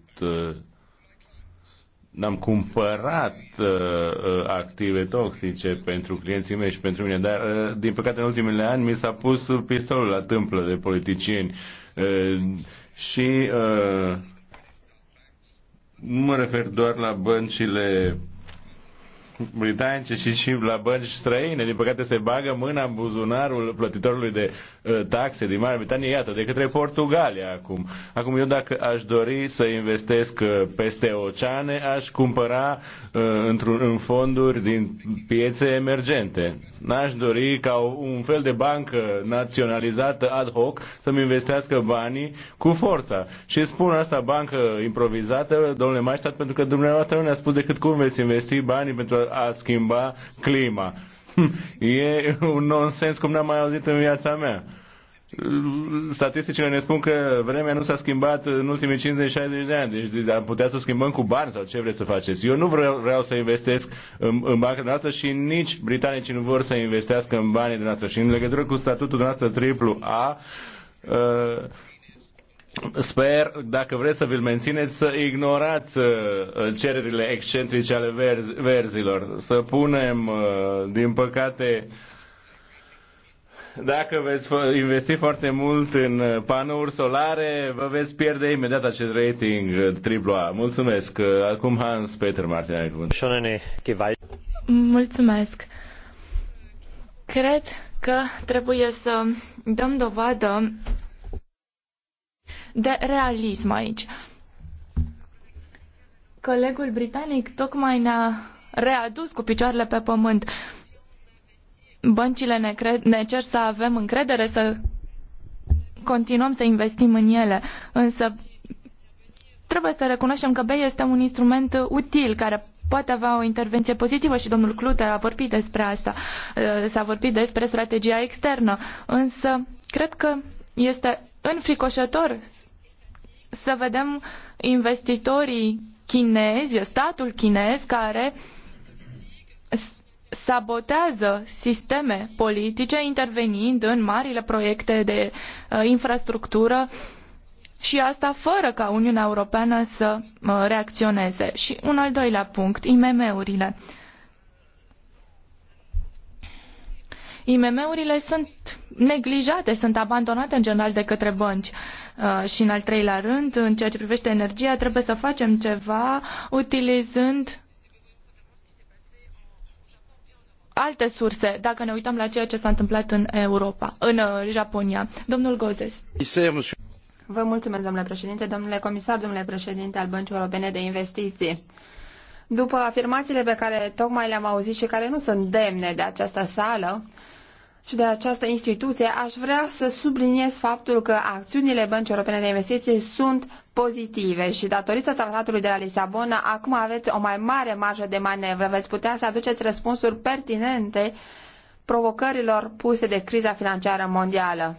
n-am cumpărat uh, uh, active toxice pentru clienții mei și pentru mine, dar uh, din păcate în ultimele ani mi s-a pus pistolul la tâmplă de politicieni uh, și uh, nu mă refer doar la băncile britanice și și la bănci străine. Din păcate se bagă mâna în buzunarul plătitorului de uh, taxe din Marea Britanie, iată, de către Portugalia acum. Acum eu dacă aș dori să investesc uh, peste oceane, aș cumpăra uh, într-un, în fonduri din piețe emergente. N-aș dori ca un fel de bancă naționalizată ad hoc să-mi investească banii cu forța. Și spun asta bancă improvizată, domnule Maistat, pentru că dumneavoastră nu ne-a spus decât cum veți investi banii pentru a a schimba clima. E un nonsens cum n-am mai auzit în viața mea. Statisticile ne spun că vremea nu s-a schimbat în ultimii 50-60 de ani, deci am putea să schimbăm cu bani sau ce vreți să faceți. Eu nu vreau, vreau să investesc în, în banca noastră și nici britanicii nu vor să investească în banii noastră. Și în legătură cu statutul noastră triplu A, uh, Sper, dacă vreți să vi-l mențineți, să ignorați uh, cererile excentrice ale verzi, verzilor. Să punem, uh, din păcate, dacă veți investi foarte mult în uh, panouri solare, vă veți pierde imediat acest rating AAA. Mulțumesc. Acum Hans Peter Martin cuvânt. Mulțumesc. Cred că trebuie să dăm dovadă de realism aici. Colegul britanic tocmai ne-a readus cu picioarele pe pământ. Băncile ne, cre- ne cer să avem încredere, să continuăm să investim în ele, însă trebuie să recunoaștem că BEI este un instrument util care poate avea o intervenție pozitivă și domnul Clute a vorbit despre asta, eh, s-a vorbit despre strategia externă, însă cred că este înfricoșător să vedem investitorii chinezi, statul chinez care sabotează sisteme politice intervenind în marile proiecte de uh, infrastructură și asta fără ca Uniunea Europeană să uh, reacționeze. Și un al doilea punct, IMM-urile. Uh, IMM-urile sunt neglijate, sunt abandonate în general de către bănci. Uh, și în al treilea rând, în ceea ce privește energia, trebuie să facem ceva utilizând alte surse, dacă ne uităm la ceea ce s-a întâmplat în Europa, în uh, Japonia. Domnul Gozes. Vă mulțumesc, domnule președinte, domnule comisar, domnule președinte al Băncii Europene de Investiții. După afirmațiile pe care tocmai le-am auzit și care nu sunt demne de această sală și de această instituție, aș vrea să subliniez faptul că acțiunile Băncii Europene de Investiții sunt pozitive și datorită tratatului de la Lisabona, acum aveți o mai mare marjă de manevră, veți putea să aduceți răspunsuri pertinente provocărilor puse de criza financiară mondială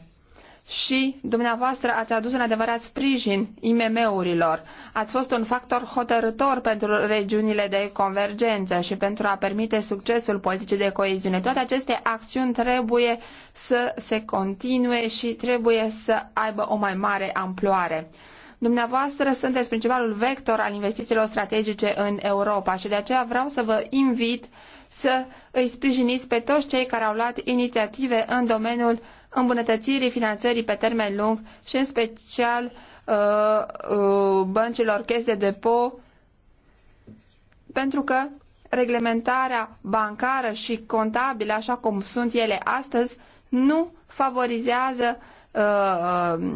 și dumneavoastră ați adus un adevărat sprijin IMM-urilor. Ați fost un factor hotărător pentru regiunile de convergență și pentru a permite succesul politicii de coeziune. Toate aceste acțiuni trebuie să se continue și trebuie să aibă o mai mare amploare. Dumneavoastră sunteți principalul vector al investițiilor strategice în Europa și de aceea vreau să vă invit să îi sprijiniți pe toți cei care au luat inițiative în domeniul îmbunătățirii finanțării pe termen lung și în special uh, uh, băncilor chesti de depo, pentru că reglementarea bancară și contabilă, așa cum sunt ele astăzi, nu favorizează uh, uh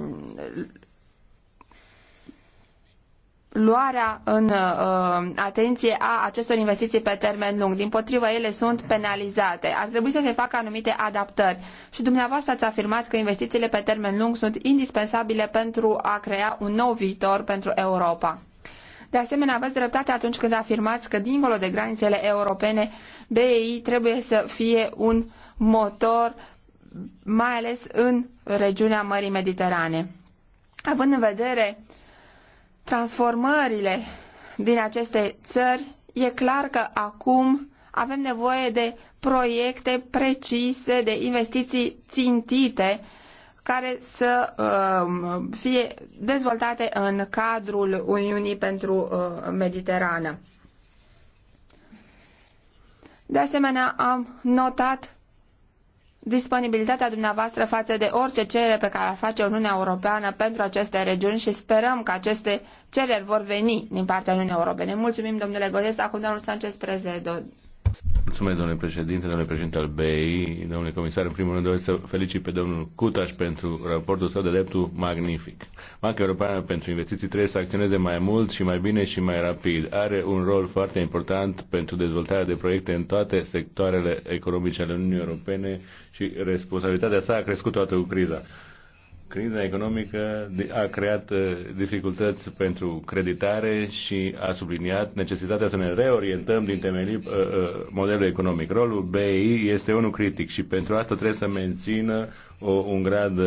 luarea în uh, atenție a acestor investiții pe termen lung. Din potrivă, ele sunt penalizate. Ar trebui să se facă anumite adaptări. Și dumneavoastră ați afirmat că investițiile pe termen lung sunt indispensabile pentru a crea un nou viitor pentru Europa. De asemenea, aveți dreptate atunci când afirmați că, dincolo de granițele europene, BEI trebuie să fie un motor, mai ales în regiunea Mării Mediterane. Având în vedere uh, transformările din aceste țări, e clar că acum avem nevoie de proiecte precise, de investiții țintite care să um, fie dezvoltate în cadrul Uniunii pentru uh, Mediterană. De asemenea, am notat disponibilitatea dumneavoastră față de orice cerere pe care ar face Uniunea Europeană pentru aceste regiuni și sperăm că aceste cereri vor veni din partea Uniunii Europene. Mulțumim, domnule Gozes. Acum, domnul Sanchez Prezedo. Mulțumesc, domnule președinte, domnule președinte al BEI, domnule comisar. În primul rând, doresc să felicit pe domnul Cutaș pentru raportul său de dreptul magnific. Banca Europeană pentru Investiții trebuie să acționeze mai mult și mai bine și mai rapid. Are un rol foarte important pentru dezvoltarea de proiecte în toate sectoarele economice ale Uniunii Europene și responsabilitatea sa a crescut toată cu criza Criza economică a creat uh, dificultăți pentru creditare și a subliniat necesitatea să ne reorientăm din temelii uh, uh, modelul economic. Rolul BI este unul critic și pentru asta trebuie să mențină o, un grad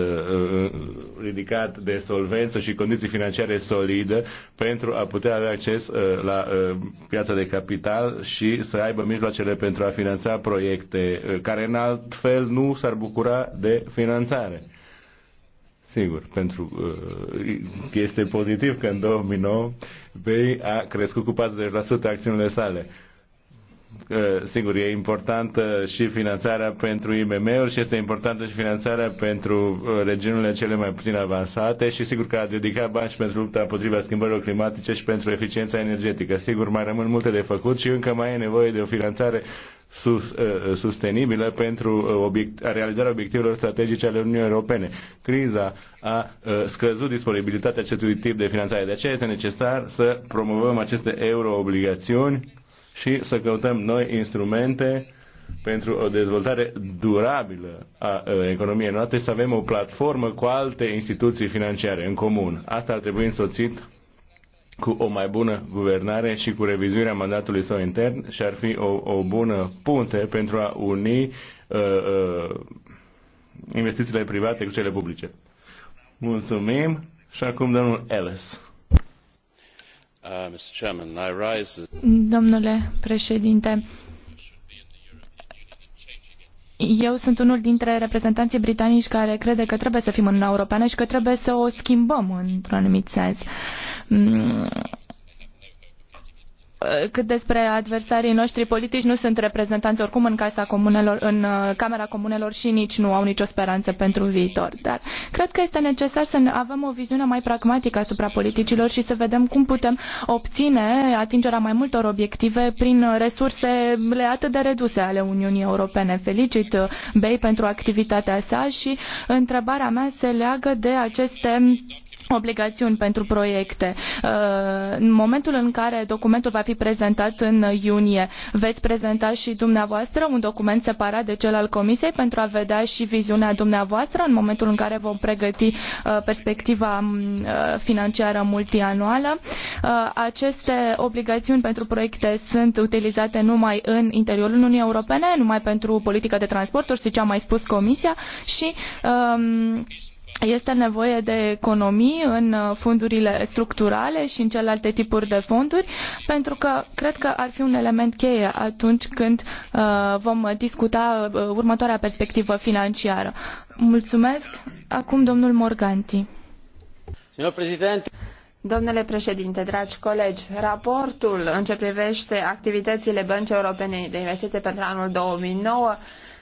ridicat de solvență și condiții financiare solide pentru a putea avea acces la piața de capital și să aibă mijloacele pentru a finanța proiecte care în alt fel nu s-ar bucura de finanțare. Sigur, pentru, că uh, este pozitiv că în 2009 BEI a crescut cu 40% acțiunile sale. Uh, sigur, e importantă și finanțarea pentru IMM-uri și este importantă și finanțarea pentru uh, regiunile cele mai puțin avansate și sigur că a dedicat bani și pentru lupta împotriva schimbărilor climatice și pentru eficiența energetică. Sigur, mai rămân multe de făcut și încă mai e nevoie de o finanțare sus, uh, sustenibilă pentru uh, obiect, realizarea obiectivelor strategice ale Uniunii Europene. Criza a uh, scăzut disponibilitatea acestui tip de finanțare. De aceea este necesar să promovăm aceste euroobligațiuni și să căutăm noi instrumente pentru o dezvoltare durabilă a economiei noastre să avem o platformă cu alte instituții financiare în comun. Asta ar trebui însoțit cu o mai bună guvernare și cu revizuirea mandatului său intern și ar fi o, o bună punte pentru a uni uh, uh, investițiile private cu cele publice. Mulțumim și acum domnul Ellis. Uh, rise... Domnule președinte, eu sunt unul dintre reprezentanții britanici care crede că trebuie să fim în Uniunea Europeană și că trebuie să o schimbăm într-un anumit sens. Uh, Mm, cât despre adversarii noștri politici, nu sunt reprezentanți oricum în, casa comunelor, în uh, Camera Comunelor și nici nu au nicio speranță pentru viitor. Dar cred că este necesar să avem o viziune mai pragmatică asupra politicilor și să vedem cum putem obține atingerea mai multor obiective prin resursele atât de reduse ale Uniunii Europene. Felicit uh, BEI pentru activitatea sa și întrebarea mea se leagă de aceste obligațiuni pentru proiecte. Uh, în momentul în care documentul va fi prezentat în iunie, veți prezenta și dumneavoastră un document separat de cel al Comisiei pentru a vedea și viziunea dumneavoastră în momentul în care vom pregăti uh, perspectiva mm, uh, financiară multianuală. Aceste obligațiuni pentru proiecte sunt utilizate numai în interiorul Uniunii Europene, numai pentru politica de transporturi și ce a mai spus Comisia și um, este nevoie de economii în uh, fondurile structurale și în celelalte tipuri de fonduri, pentru că cred că ar fi un element cheie atunci când uh, vom discuta uh, următoarea perspectivă financiară. Mulțumesc. Acum domnul Morganti. Domnule președinte, dragi colegi, raportul în ce privește activitățile Băncii Europene de Investiții pentru anul 2009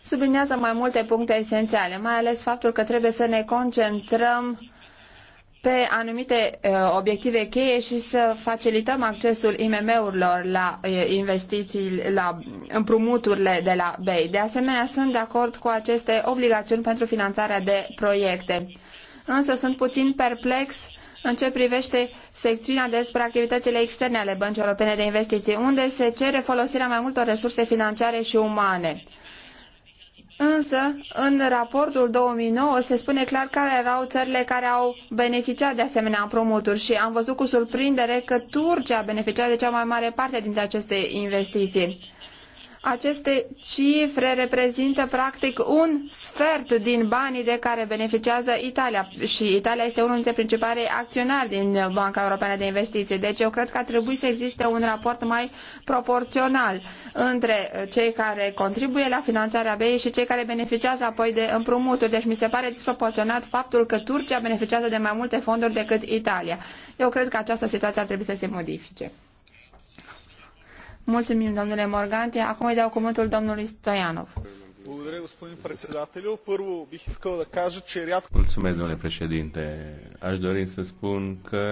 subliniază mai multe puncte esențiale, mai ales faptul că trebuie să ne concentrăm pe anumite uh, obiective cheie și să facilităm accesul IMM-urilor la uh, investiții, la împrumuturile de la BEI. De asemenea, sunt de acord cu aceste obligațiuni pentru finanțarea de proiecte. Însă sunt puțin perplex în ce privește secțiunea despre activitățile externe ale Băncii Europene de Investiții, unde se cere folosirea mai multor resurse financiare și umane. Însă, în raportul 2009 se spune clar care erau țările care au beneficiat de asemenea împrumuturi și am văzut cu surprindere că Turcia a beneficiat de cea mai mare parte dintre aceste investiții. Aceste cifre reprezintă practic un sfert din banii de care beneficiază Italia și Italia este unul dintre principalii acționari din Banca Europeană de Investiții. Deci eu cred că ar trebui să existe un raport mai proporțional între cei care contribuie la finanțarea BEI și cei care beneficiază apoi de împrumuturi. Deci mi se pare disproporționat faptul că Turcia beneficiază de mai multe fonduri decât Italia. Eu cred că această situație ar trebui să se modifice. Mulțumim, domnule Morganti. Acum îi dau cuvântul domnului Stoianov. Mulțumesc, domnule președinte. Aș dori să spun că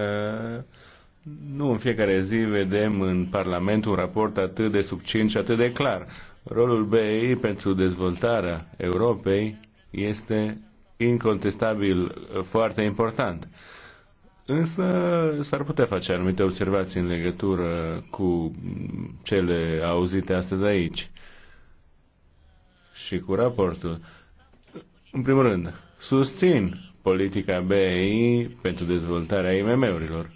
nu în fiecare zi vedem în Parlament un raport atât de succint și atât de clar. Rolul BEI pentru dezvoltarea Europei este incontestabil foarte important. Însă s-ar putea face anumite observații în legătură cu cele auzite astăzi aici și cu raportul. În primul rând, susțin politica BEI pentru dezvoltarea IMM-urilor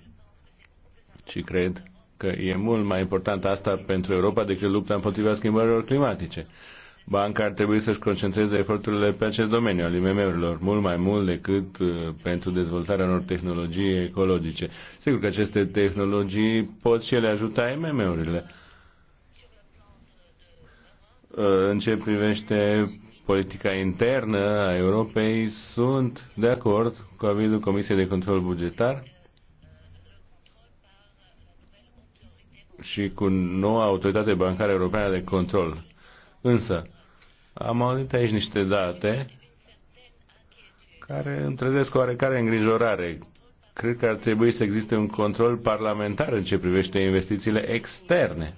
și cred că e mult mai important asta pentru Europa decât lupta împotriva schimbărilor climatice banca ar trebui să-și concentreze eforturile pe acest domeniu al IMM-urilor, mult mai mult decât uh, pentru dezvoltarea unor tehnologii ecologice. Sigur că aceste tehnologii pot și ele ajuta IMM-urile. Uh, în ce privește politica internă a Europei, sunt de acord cu avizul Comisiei de Control Bugetar și cu noua autoritate bancară europeană de control. Însă, am auzit aici niște date care îmi trezesc oarecare îngrijorare. Cred că ar trebui să existe un control parlamentar în ce privește investițiile externe.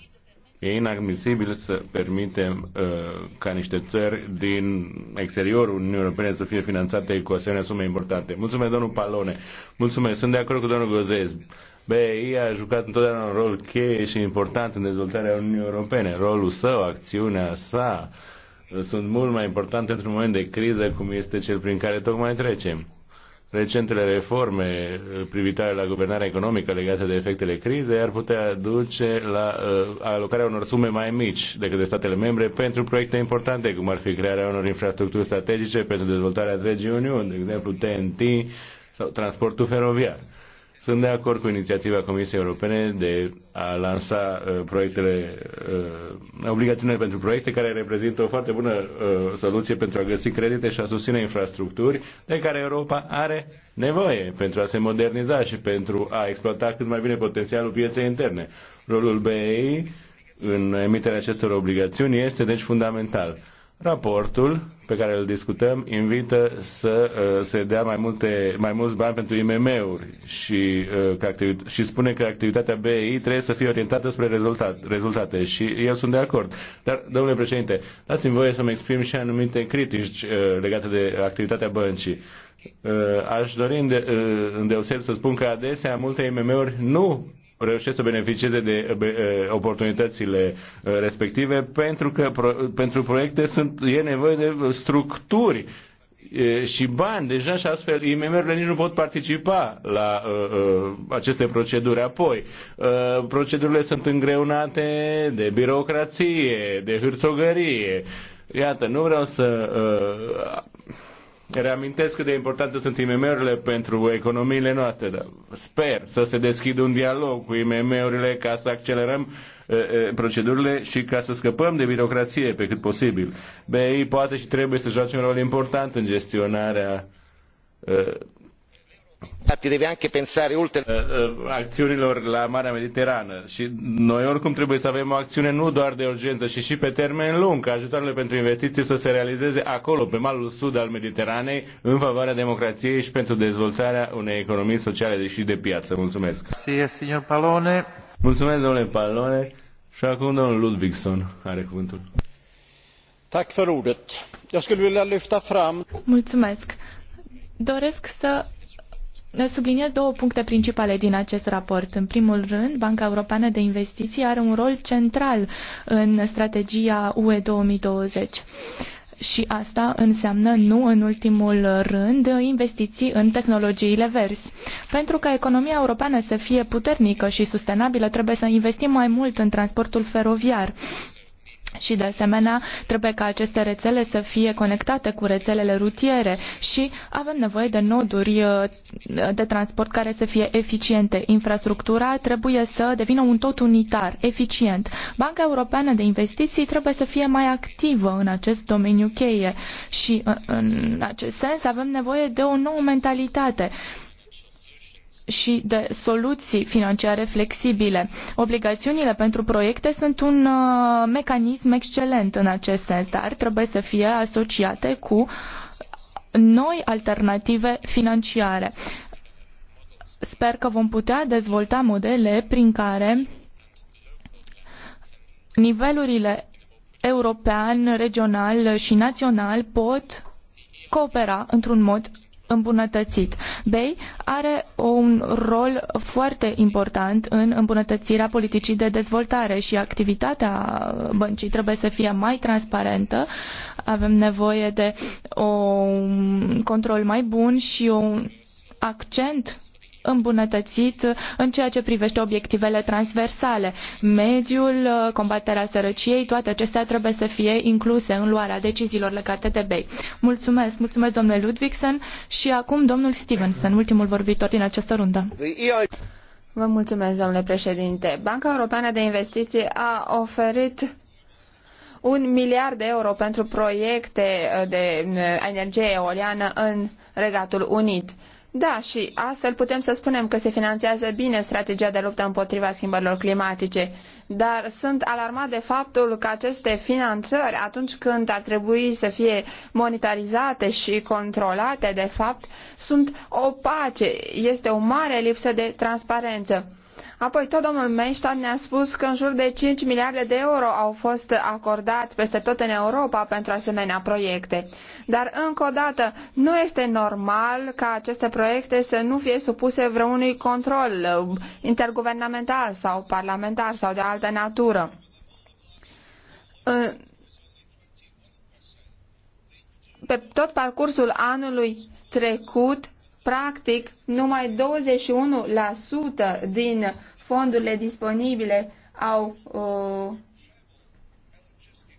E inadmisibil să permitem uh, ca niște țări din exteriorul Uniunii Europene să fie finanțate cu asemenea sume importante. Mulțumesc, domnul Palone. Mulțumesc. Sunt de acord cu domnul Gozez. BEI a jucat întotdeauna un rol cheie și important în dezvoltarea Uniunii Europene. Rolul său, acțiunea sa, uh, sunt mult mai importante într-un moment de criză cum este cel prin care tocmai trecem. Recentele reforme privitoare la guvernarea economică legate de efectele crizei ar putea duce la uh, alocarea unor sume mai mici decât de statele membre pentru proiecte importante, cum ar fi crearea unor infrastructuri strategice pentru dezvoltarea întregii Uniuni, de exemplu TNT sau transportul feroviar. Sunt de acord cu inițiativa Comisiei Europene de a lansa uh, proiectele, uh, obligațiunile pentru proiecte care reprezintă o foarte bună uh, soluție pentru a găsi credite și a susține infrastructuri de care Europa are nevoie pentru a se moderniza și pentru a exploata cât mai bine potențialul pieței interne. Rolul BEI în emiterea acestor obligațiuni este deci fundamental. Raportul pe care îl discutăm invită să uh, se dea mai, multe, mai mulți bani pentru IMM-uri și, uh, și spune că activitatea BEI trebuie să fie orientată spre rezultat, rezultate și eu sunt de acord. Dar, domnule președinte, dați-mi voie să-mi exprim și anumite critici uh, legate de activitatea băncii. Uh, aș dori înde- uh, îndeoseb să spun că adesea multe IMM-uri nu reușesc să beneficieze de oportunitățile respective pentru că pentru proiecte sunt, e nevoie de structuri și bani deja și astfel IMM-urile nici nu pot participa la uh, uh, aceste proceduri. Apoi, uh, procedurile sunt îngreunate de birocrație, de hârțogărie. Iată, nu vreau să uh, Reamintesc cât de importante sunt IMM-urile pentru economiile noastre. Dar sper să se deschidă un dialog cu IMM-urile ca să accelerăm procedurile și ca să scăpăm de birocrație pe cât posibil. BEI poate și trebuie să joace un rol important în gestionarea uh, deve anche pensare oltre eh, eh, acțiunilor la Marea Mediterană și noi oricum trebuie să avem o acțiune nu doar de urgență, ci și pe termen lung, ca ajutoarele pentru investiții să se realizeze acolo, pe malul sud al Mediteranei, în favoarea democrației și pentru dezvoltarea unei economii sociale și de piață. Mulțumesc. Signor Palone. Mulțumesc, domnule Palone. Și acum domnul Ludvigson are cuvântul. Tack för ordet. Jag skulle vilja lyfta fram... Mulțumesc. Doresc să subliniez două puncte principale din acest raport. În primul rând, Banca Europeană de Investiții are un rol central în strategia UE 2020. Și asta înseamnă, nu în ultimul rând, investiții în tehnologiile verzi. Pentru ca economia europeană să fie puternică și sustenabilă, trebuie să investim mai mult în transportul feroviar și de asemenea trebuie ca aceste rețele să fie conectate cu rețelele rutiere și avem nevoie de noduri uh, de transport care să fie eficiente. Infrastructura trebuie să devină un tot unitar, eficient. Banca Europeană de Investiții trebuie să fie mai activă în acest domeniu cheie și uh, în acest sens avem nevoie de o nouă mentalitate și de soluții financiare flexibile. Obligațiunile pentru proiecte sunt un uh, mecanism excelent în acest sens, dar trebuie să fie asociate cu noi alternative financiare. Sper că vom putea dezvolta modele prin care nivelurile european, regional și național pot coopera într-un mod îmbunătățit. BEI are un rol foarte important în îmbunătățirea politicii de dezvoltare și activitatea băncii trebuie să fie mai transparentă. Avem nevoie de un control mai bun și un accent îmbunătățit în ceea ce privește obiectivele transversale. Mediul, combaterea sărăciei, toate acestea trebuie să fie incluse în luarea deciziilor legate de BEI. Mulțumesc, mulțumesc domnule Ludvigsen și acum domnul Stevenson, ultimul vorbitor din această rundă. Vă mulțumesc, domnule președinte. Banca Europeană de Investiții a oferit un miliard de euro pentru proiecte de energie eoliană în Regatul Unit. Da, și astfel putem să spunem că se finanțează bine strategia de luptă împotriva schimbărilor climatice, dar sunt alarmat de faptul că aceste finanțări, atunci când ar trebui să fie monitorizate și controlate, de fapt, sunt opace. Este o mare lipsă de transparență. Apoi tot domnul Meștat ne-a spus că în jur de 5 miliarde de euro au fost acordați peste tot în Europa pentru asemenea proiecte. Dar încă o dată, nu este normal ca aceste proiecte să nu fie supuse vreunui control uh, interguvernamental sau parlamentar sau de altă natură. Uh, pe tot parcursul anului trecut, Practic, numai 21% din fondurile disponibile au uh,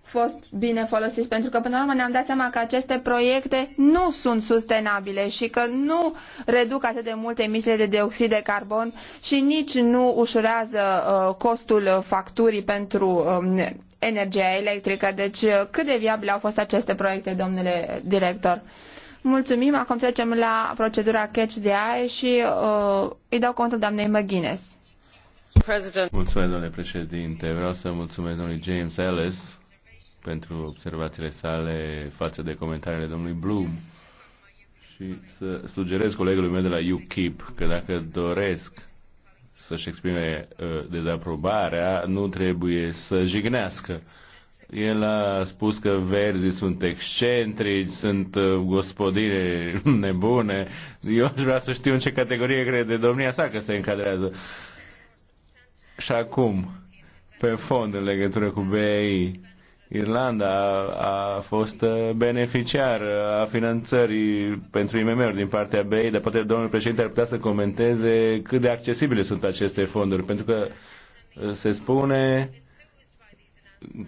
fost bine folosiți, pentru că până la urmă ne-am dat seama că aceste proiecte nu sunt sustenabile și că nu reduc atât de mult emisiile de dioxid de carbon și nici nu ușurează uh, costul facturii pentru uh, energia electrică. Deci, uh, cât de viabile au fost aceste proiecte, domnule director? Mulțumim, acum trecem la procedura catch de aie și uh, îi dau contul doamnei McGuinness. President. Mulțumesc, domnule președinte. Vreau să mulțumesc domnului James Ellis pentru observațiile sale față de comentariile domnului Bloom și să sugerez colegului meu de la UKIP că dacă doresc să-și exprime uh, dezaprobarea, nu trebuie să jignească. Uh, el a spus că verzii sunt excentrici, sunt uh, gospodine nebune. Eu aș vrea să știu în ce categorie crede domnia sa că se încadrează. Și acum, pe fond, în legătură cu BEI, Irlanda a, a fost uh, beneficiar uh, a finanțării pentru IMM-uri din partea BEI, dar poate domnul președinte ar putea să comenteze cât de accesibile sunt aceste fonduri, pentru că se spune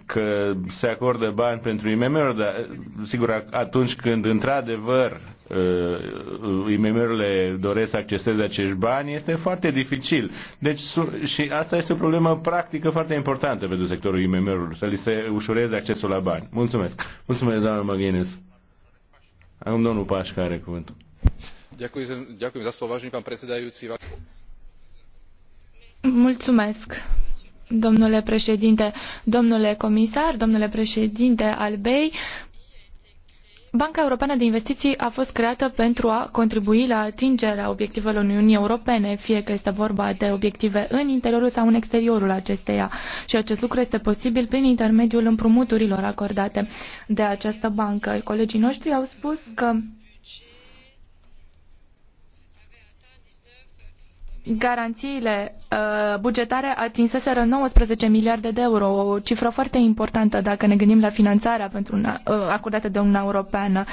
că se acordă bani pentru IMM-uri, dar sigur atunci când într-adevăr uh, IMM-urile doresc să acceseze acești bani, este foarte dificil. Deci și asta este o problemă practică foarte importantă pentru sectorul IMM-urilor, să li se ușureze accesul la bani. Mulțumesc. Mulțumesc, doamna Maghines. Am domnul Pașca are cuvântul. Ďakujem za slovo, vážený pán predsedajúci. Mulțumesc. Domnule președinte, domnule comisar, domnule președinte al BEI, Banca Europeană de Investiții a fost creată pentru a contribui la atingerea obiectivelor Uniunii Europene, fie că este vorba de obiective în interiorul sau în exteriorul acesteia. Și acest lucru este posibil prin intermediul împrumuturilor acordate de această bancă. Colegii noștri au spus că garanțiile uh, bugetare atinseseră 19 miliarde de euro, o cifră foarte importantă dacă ne gândim la finanțarea pentru una, uh, acordată de Uniunea Europeană.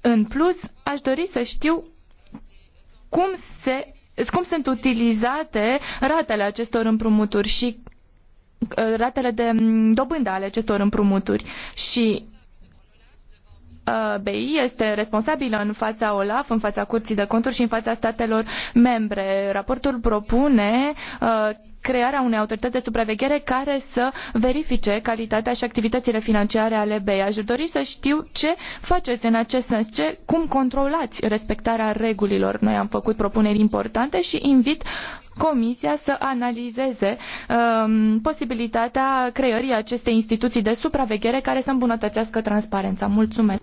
În plus, aș dori să știu cum, se, cum sunt utilizate ratele acestor împrumuturi și uh, ratele de mm, dobândă ale acestor împrumuturi și BI este responsabilă în fața OLAF, în fața Curții de Conturi și în fața statelor membre. Raportul propune crearea unei autorități de supraveghere care să verifice calitatea și activitățile financiare ale BEI. Aș dori să știu ce faceți în acest sens, ce, cum controlați respectarea regulilor. Noi am făcut propuneri importante și invit Comisia să analizeze um, posibilitatea creării acestei instituții de supraveghere care să îmbunătățească transparența. Mulțumesc!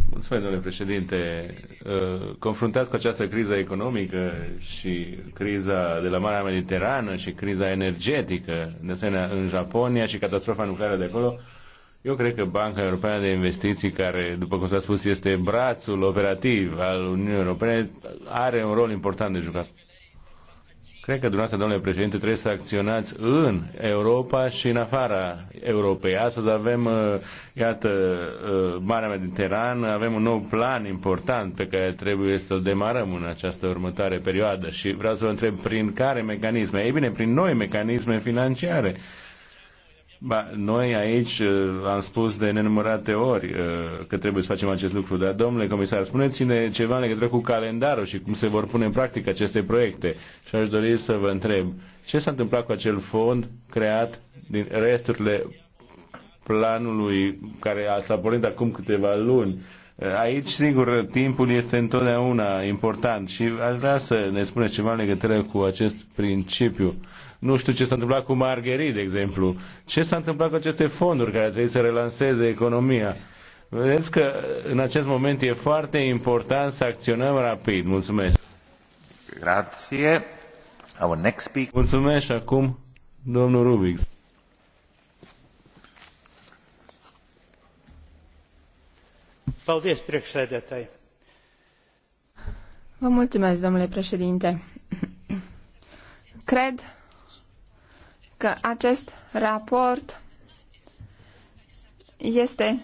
Mulțumesc, domnule președinte. Ă, confruntați cu această criză economică și criza de la Marea Mediterană și criza energetică, de asemenea în Japonia și catastrofa nucleară de acolo, eu cred că Banca Europeană de Investiții, care, după cum s-a spus, este brațul operativ al Uniunii Europene, are un rol important de jucat Cred că dumneavoastră, domnule președinte, trebuie să acționați în Europa și în afara Europei. Astăzi avem, uh, iată, uh, Marea Mediterană, avem un nou plan important pe care trebuie să-l demarăm în această următoare perioadă și vreau să vă întreb prin care mecanisme? Ei bine, prin noi mecanisme financiare Ba, noi aici uh, am spus de nenumărate ori uh, că trebuie să facem acest lucru, dar domnule comisar, spuneți-ne ceva în legătură cu calendarul și cum se vor pune în practică aceste proiecte. Și aș dori să vă întreb, ce s-a întâmplat cu acel fond creat din resturile planului care s-a pornit acum câteva luni? Uh, aici, sigur, timpul este întotdeauna important și aș vrea să ne spuneți ceva în legătură cu acest principiu nu știu ce s-a întâmplat cu Margherii, de exemplu. Ce s-a întâmplat cu aceste fonduri care trebuie să relanseze economia? Vedeți că în acest moment e foarte important să acționăm rapid. Mulțumesc. Grație. Our next speaker. Mulțumesc și acum domnul Rubix. președinte. Vă mulțumesc, domnule președinte. Cred că acest raport este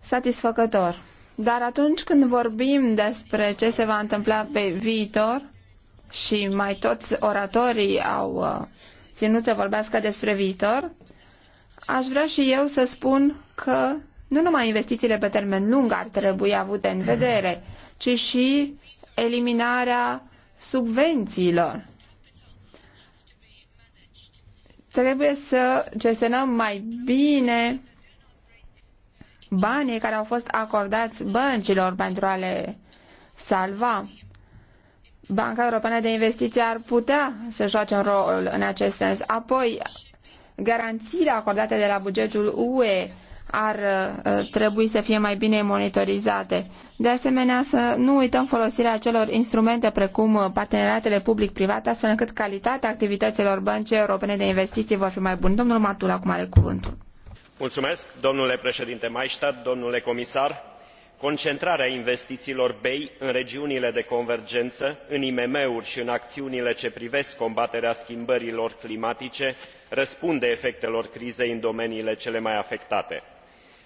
satisfăcător. Dar atunci când vorbim despre ce se va întâmpla pe viitor și mai toți oratorii au uh, ținut să vorbească despre viitor, aș vrea și eu să spun că nu numai investițiile pe termen lung ar trebui avute în vedere, ci și eliminarea subvențiilor. Trebuie să gestionăm mai bine banii care au fost acordați băncilor pentru a le salva. Banca Europeană de Investiții ar putea să joace un rol în acest sens. Apoi, garanțiile acordate de la bugetul UE ar uh, trebui să fie mai bine monitorizate. De asemenea, să nu uităm folosirea acelor instrumente precum uh, parteneriatele public-privat, astfel încât calitatea activităților băncii europene de investiții va fi mai bună. Domnul Matul acum are cuvântul. Mulțumesc, domnule președinte Maistat, domnule comisar. Concentrarea investițiilor BEI în regiunile de convergență, în IMM-uri și în acțiunile ce privesc combaterea schimbărilor climatice răspunde efectelor crizei în domeniile cele mai afectate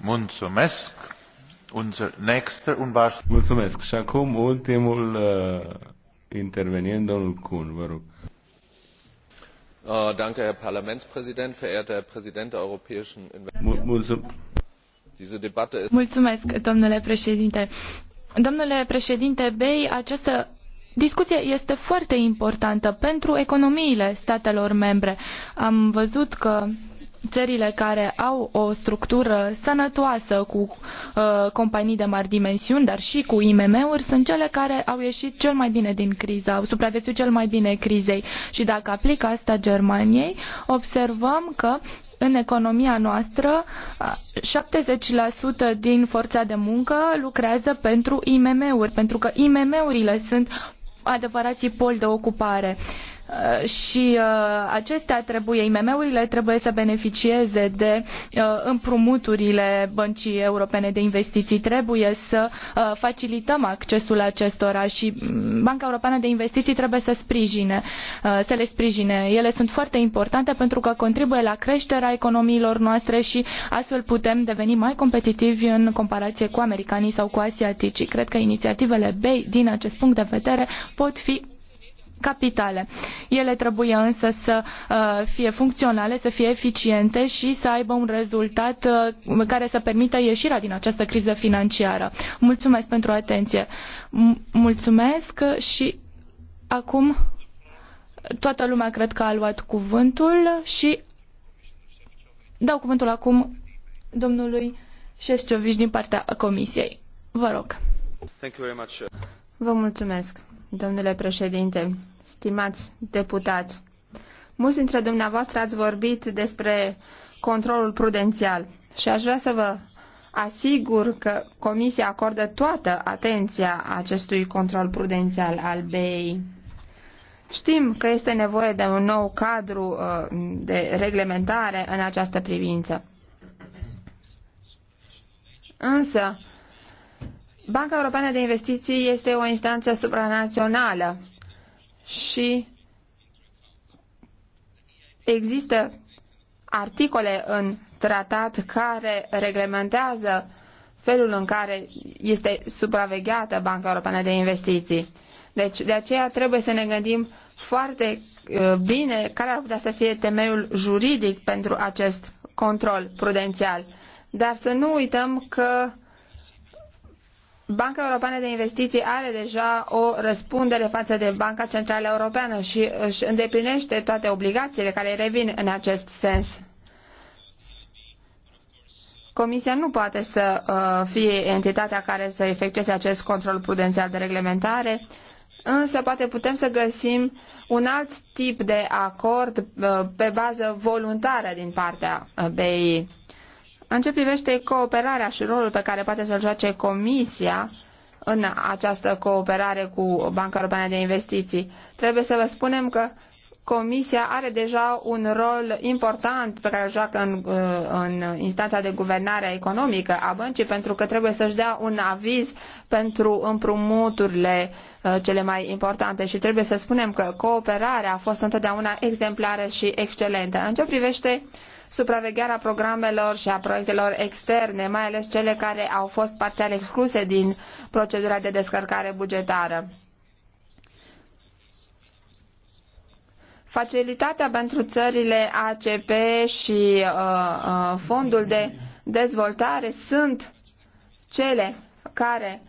Mulțumesc. Mulțumesc. Și acum ultimul uh, intervenient, domnul Kuhn, vă rog. Uh, danke, Herr Parlamentspräsident, verehrter Herr Präsident der Europäischen Investitionsbank. Mulțumesc, domnule președinte. Domnule președinte Bey, această discuție este foarte importantă pentru economiile statelor membre. Am văzut că țările care au o structură sănătoasă cu uh, companii de mari dimensiuni, dar și cu IMM-uri, sunt cele care au ieșit cel mai bine din criză, au supraviețuit cel mai bine crizei. Și dacă aplic asta Germaniei, observăm că în economia noastră 70% uh, din forța de muncă lucrează pentru IMM-uri, pentru că IMM-urile sunt adevărații poli de ocupare. Uh, Uh, și uh, acestea trebuie, IMM-urile trebuie să beneficieze de uh, împrumuturile Băncii Europene de Investiții. Trebuie să facilităm accesul acestora și mm, Banca Europeană de Investiții trebuie să sprijine, să le sprijine. Ele sunt foarte importante pentru că contribuie la creșterea economiilor noastre și astfel putem deveni mai competitivi în comparație cu americanii sau cu asiaticii. Cred că inițiativele BEI din acest punct de vedere pot fi capitale. Ele trebuie însă să uh, fie funcționale, să fie eficiente și să aibă un rezultat uh, care să permită ieșirea din această criză financiară. Mulțumesc pentru atenție. Mulțumesc și acum toată lumea cred că a luat cuvântul și dau cuvântul acum domnului Șescioviș din partea Comisiei. Vă rog. Vă mulțumesc domnule președinte, stimați deputați. Mulți dintre dumneavoastră ați vorbit despre controlul prudențial și aș vrea să vă asigur că Comisia acordă toată atenția acestui control prudențial al BEI. Știm că este nevoie de un nou cadru uh, de reglementare în această privință. Însă, Banca Europeană de Investiții este o instanță supranațională și există articole în tratat care reglementează felul în care este supravegheată Banca Europeană de Investiții. Deci, de aceea trebuie să ne gândim foarte uh, bine care ar putea să fie temeiul juridic pentru acest control prudențial. Dar să nu uităm că Banca Europeană de Investiții are deja o răspundere față de Banca Centrală Europeană și își îndeplinește toate obligațiile care îi revin în acest sens. Comisia nu poate să uh, fie entitatea care să efectueze acest control prudențial de reglementare, însă poate putem să găsim un alt tip de acord uh, pe bază voluntară din partea uh, BEI. În ce privește cooperarea și rolul pe care poate să-l joace Comisia în această cooperare cu Banca Europeană de Investiții, trebuie să vă spunem că Comisia are deja un rol important pe care îl joacă în, uh, în instanța de guvernare economică a băncii pentru că trebuie să-și dea un aviz pentru împrumuturile uh, cele mai importante și trebuie să spunem că cooperarea a fost întotdeauna exemplară și excelentă. În ce privește uh, supravegherea programelor și a proiectelor externe, mai ales cele care au fost parțial excluse din procedura de descărcare bugetară. Facilitatea pentru țările ACP și uh, uh, fondul de dezvoltare sunt cele care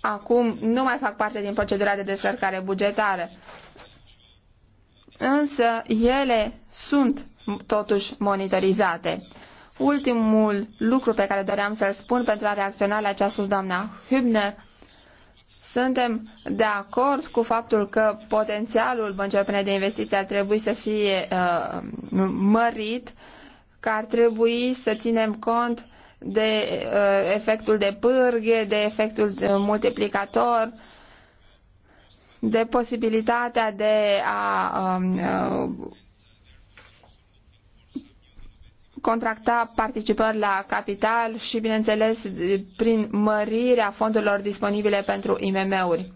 acum nu mai fac parte din procedura de descărcare bugetară. Însă ele sunt totuși monitorizate. Ultimul lucru pe care doream să-l spun pentru a reacționa la ce a spus doamna Hübner, suntem de acord cu faptul că potențialul băncii europene de investiții ar trebui să fie uh, mărit, că ar trebui să ținem cont de uh, efectul de pârghie, de efectul uh, multiplicator, de posibilitatea de a um, uh, contracta participări la capital și, bineînțeles, prin mărirea fondurilor disponibile pentru IMM-uri.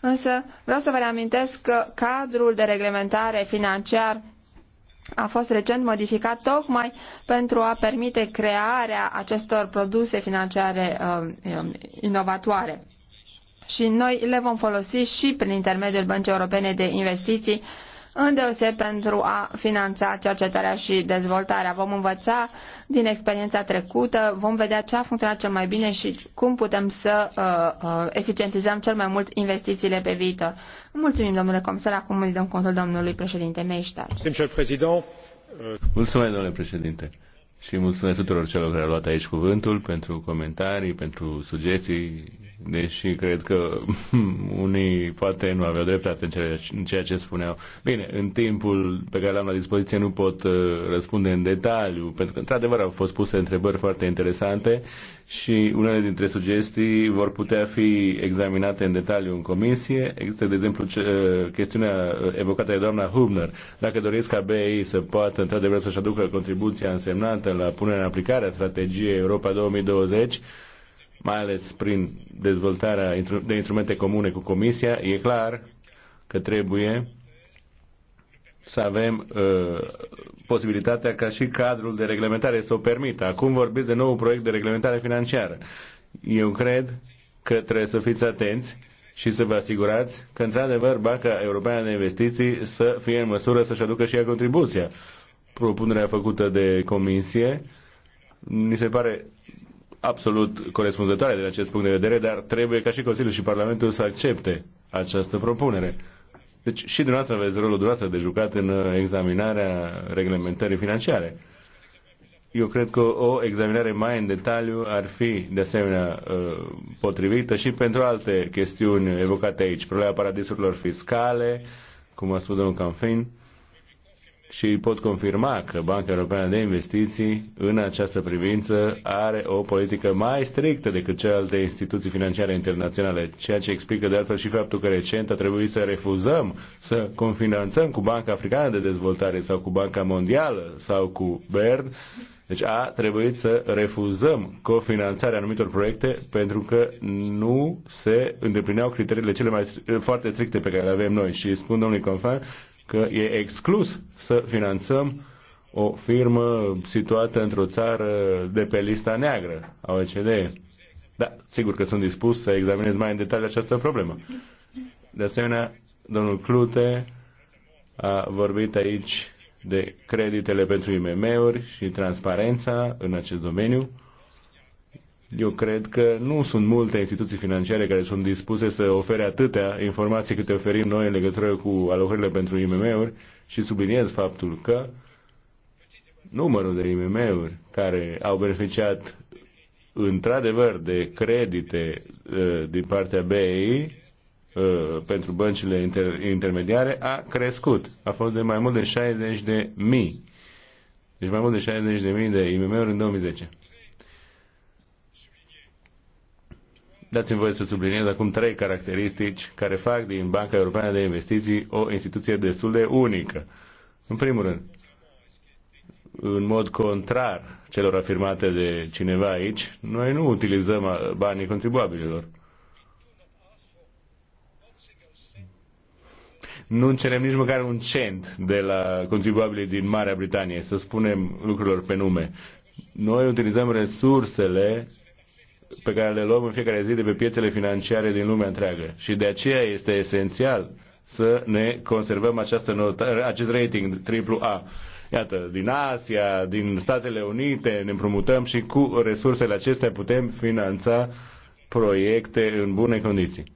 Însă vreau să vă reamintesc că cadrul de reglementare financiar a fost recent modificat tocmai pentru a permite crearea acestor produse financiare uh, inovatoare. Și noi le vom folosi și prin intermediul Băncii Europene de Investiții îndeoseb pentru a finanța cercetarea și dezvoltarea. Vom învăța din experiența trecută, vom vedea ce a funcționat cel mai bine și cum putem să uh, uh, eficientizăm cel mai mult investițiile pe viitor. Mulțumim, domnule comisar, acum îi dăm contul domnului președinte Meistar. Mulțumesc, domnule președinte și mulțumesc tuturor celor care au luat aici cuvântul pentru comentarii, pentru sugestii, deși cred că unii poate nu aveau dreptate în ceea ce spuneau. Bine, în timpul pe care l-am la dispoziție nu pot uh, răspunde în detaliu, pentru că într-adevăr au fost puse întrebări foarte interesante și unele dintre sugestii vor putea fi examinate în detaliu în comisie. Există, de exemplu, ce, uh, chestiunea uh, evocată de doamna Hubner. Dacă doresc ca BEI să poată, într-adevăr, să-și aducă contribuția însemnată la punerea în aplicare a strategiei Europa 2020, mai ales prin dezvoltarea de instrumente comune cu Comisia, e clar că trebuie să avem uh, posibilitatea ca și cadrul de reglementare să o permită. Acum vorbiți de nou proiect de reglementare financiară. Eu cred că trebuie să fiți atenți și să vă asigurați că, într-adevăr, Banca Europeană de Investiții să fie în măsură să-și aducă și ea contribuția. Propunerea făcută de comisie mi se pare absolut corespunzătoare din acest punct de vedere, dar trebuie ca și Consiliul și Parlamentul să accepte această propunere. Deci și dumneavoastră aveți rolul dumneavoastră de jucat în uh, examinarea reglementării financiare. Eu cred că o examinare mai în detaliu ar fi, de asemenea, uh, potrivită și pentru alte chestiuni evocate aici. Problema paradisurilor fiscale, cum a spus domnul Canfin, și pot confirma că Banca Europeană de Investiții în această privință are o politică mai strictă decât celelalte instituții financiare internaționale, ceea ce explică de altfel și faptul că recent a trebuit să refuzăm să confinanțăm cu Banca Africană de Dezvoltare sau cu Banca Mondială sau cu BERN, Deci a trebuit să refuzăm cofinanțarea anumitor proiecte pentru că nu se îndeplineau criteriile cele mai foarte stricte pe care le avem noi. Și spun domnului Confan că e exclus să finanțăm o firmă situată într-o țară de pe lista neagră a OECD. Da, sigur că sunt dispus să examinez mai în detaliu această problemă. De asemenea, domnul Clute a vorbit aici de creditele pentru IMM-uri și transparența în acest domeniu. Eu cred că nu sunt multe instituții financiare care sunt dispuse să ofere atâtea informații câte oferim noi în legătură cu alocările pentru IMM-uri și subliniez faptul că numărul de IMM-uri care au beneficiat într-adevăr de credite uh, din partea BEI uh, pentru băncile inter- intermediare a crescut. A fost de mai mult de 60 de mii. Deci mai mult de 60 de mii de IMM-uri în 2010. Dați-mi voie să subliniez acum trei caracteristici care fac din Banca Europeană de Investiții o instituție destul de unică. În primul rând, în mod contrar celor afirmate de cineva aici, noi nu utilizăm banii contribuabililor. Nu cerem nici măcar un cent de la contribuabilii din Marea Britanie, să spunem lucrurilor pe nume. Noi utilizăm resursele pe care le luăm în fiecare zi de pe piețele financiare din lumea întreagă. Și de aceea este esențial să ne conservăm această notă, acest rating AAA. Iată, din Asia, din Statele Unite ne împrumutăm și cu resursele acestea putem finanța proiecte în bune condiții.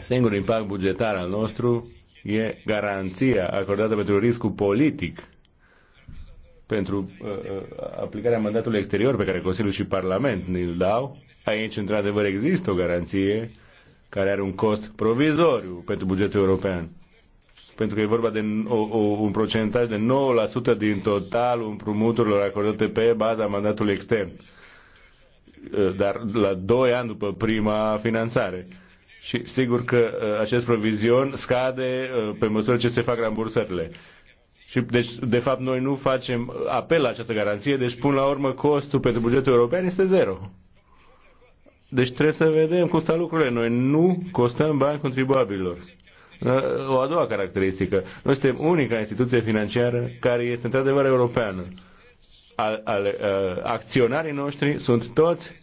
Singurul impact bugetar al nostru e garanția acordată pentru riscul politic pentru uh, uh, aplicarea mandatului exterior pe care Consiliul și Parlament ne-l dau, aici într-adevăr există o garanție care are un cost provizoriu pentru bugetul european. Pentru că e vorba de o, o, un procentaj de 9% din totalul împrumuturilor acordate pe baza mandatului extern. Uh, dar la 2 ani după prima finanțare. Și sigur că uh, acest provizion scade pe măsură ce se fac rambursările. Și deci, de fapt, noi nu facem apel la această garanție, deci până la urmă costul pentru bugetul european este zero. Deci trebuie să vedem cum stau lucrurile. Noi nu costăm bani contribuabililor. O a doua caracteristică. Noi suntem unica instituție financiară care este într-adevăr europeană. acționarii noștri sunt toți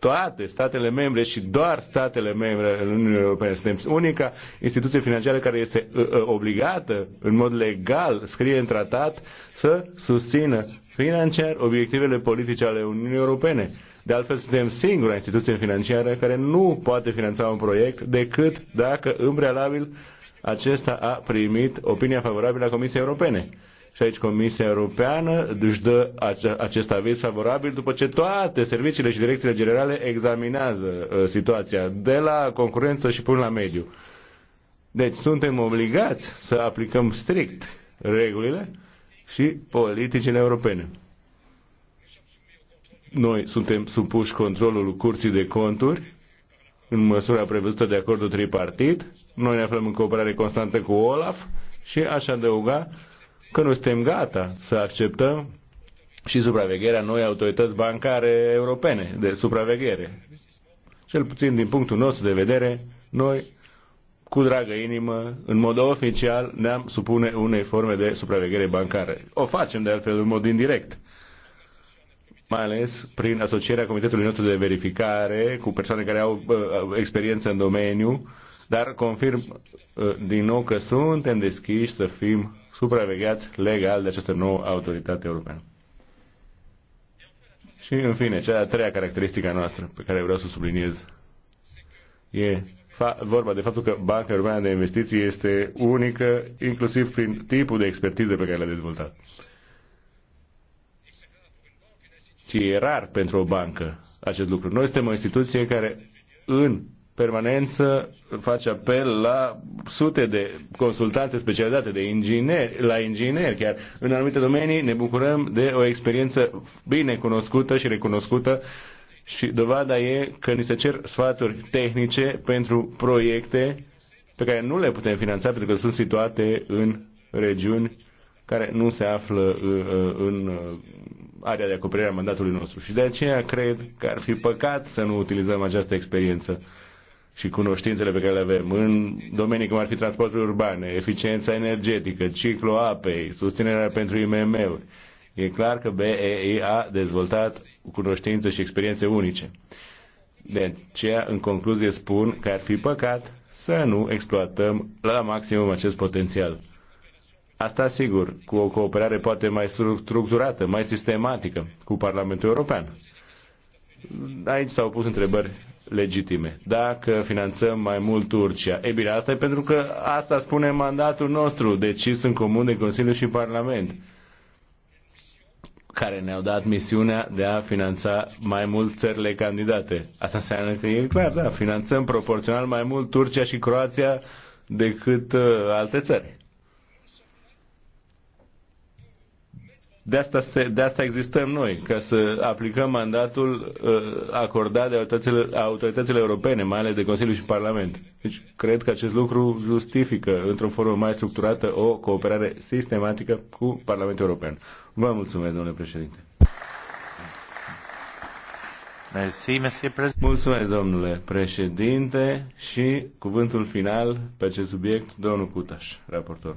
toate statele membre și doar statele membre în Uniunea Europeană. Suntem unica instituție financiară care este uh, uh, obligată în mod legal, scrie în tratat, să susțină financiar obiectivele politice ale Uniunii Europene. De altfel, suntem singura instituție financiară care nu poate finanța un proiect decât dacă, în prealabil, acesta a primit opinia favorabilă a Comisiei Europene. Și aici Comisia Europeană își dă acest aviz favorabil după ce toate serviciile și direcțiile generale examinează uh, situația, de la concurență și până la mediu. Deci suntem obligați să aplicăm strict regulile și politicile europene. Noi suntem supuși controlul Curții de Conturi în măsura prevăzută de acordul tripartit. Noi ne aflăm în cooperare constantă cu OLAF și aș adăuga că nu suntem gata să acceptăm și supravegherea noi autorități bancare europene de supraveghere. Cel puțin din punctul nostru de vedere, noi, cu dragă inimă, în mod oficial, ne-am supune unei forme de supraveghere bancare. O facem, de altfel, în mod indirect mai ales prin asocierea comitetului nostru de verificare cu persoane care au uh, experiență în domeniu dar confirm uh, din nou că suntem deschiși să fim supravegheați legal de această nouă autoritate europeană. Și, în fine, cea de-a treia caracteristică a noastră pe care vreau să o subliniez e vorba de faptul că Banca Europeană de Investiții este unică, inclusiv prin tipul de expertiză pe care l-a dezvoltat. Și e rar pentru o bancă acest lucru. Noi suntem o instituție care, în permanență face apel la sute de consultanțe specializate, de ingineri, la ingineri chiar. În anumite domenii ne bucurăm de o experiență bine cunoscută și recunoscută și dovada e că ni se cer sfaturi tehnice pentru proiecte pe care nu le putem finanța pentru că sunt situate în regiuni care nu se află uh, uh, în uh, area de acoperire a mandatului nostru. Și de aceea cred că ar fi păcat să nu utilizăm această experiență și cunoștințele pe care le avem în domenii cum ar fi transportul urban, eficiența energetică, ciclo apei, susținerea pentru IMM-uri. E clar că BEI a dezvoltat cunoștințe și experiențe unice. De deci, aceea, în concluzie, spun că ar fi păcat să nu exploatăm la maximum acest potențial. Asta, sigur, cu o cooperare poate mai structurată, mai sistematică cu Parlamentul European. Aici s-au pus întrebări legitime. Dacă finanțăm mai mult Turcia, e bine, asta e pentru că asta spune mandatul nostru, decis în comun de Consiliu și Parlament, care ne-au dat misiunea de a finanța mai mult țările candidate. Asta înseamnă că e clar, da, finanțăm proporțional mai mult Turcia și Croația decât uh, alte țări. De asta, se, de asta existăm noi, ca să aplicăm mandatul uh, acordat de autoritățile, autoritățile europene, mai ales de Consiliu și Parlament. Deci, cred că acest lucru justifică, într-o formă mai structurată, o cooperare sistematică cu Parlamentul European. Vă mulțumesc, domnule președinte. Mulțumesc, domnule președinte, și cuvântul final pe acest subiect, domnul Cutaș, raportor.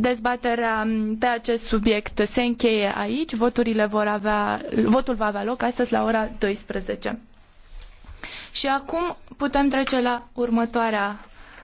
Dezbaterea pe acest subiect se încheie aici. Voturile vor avea, votul va avea loc astăzi la ora 12. Și acum putem trece la următoarea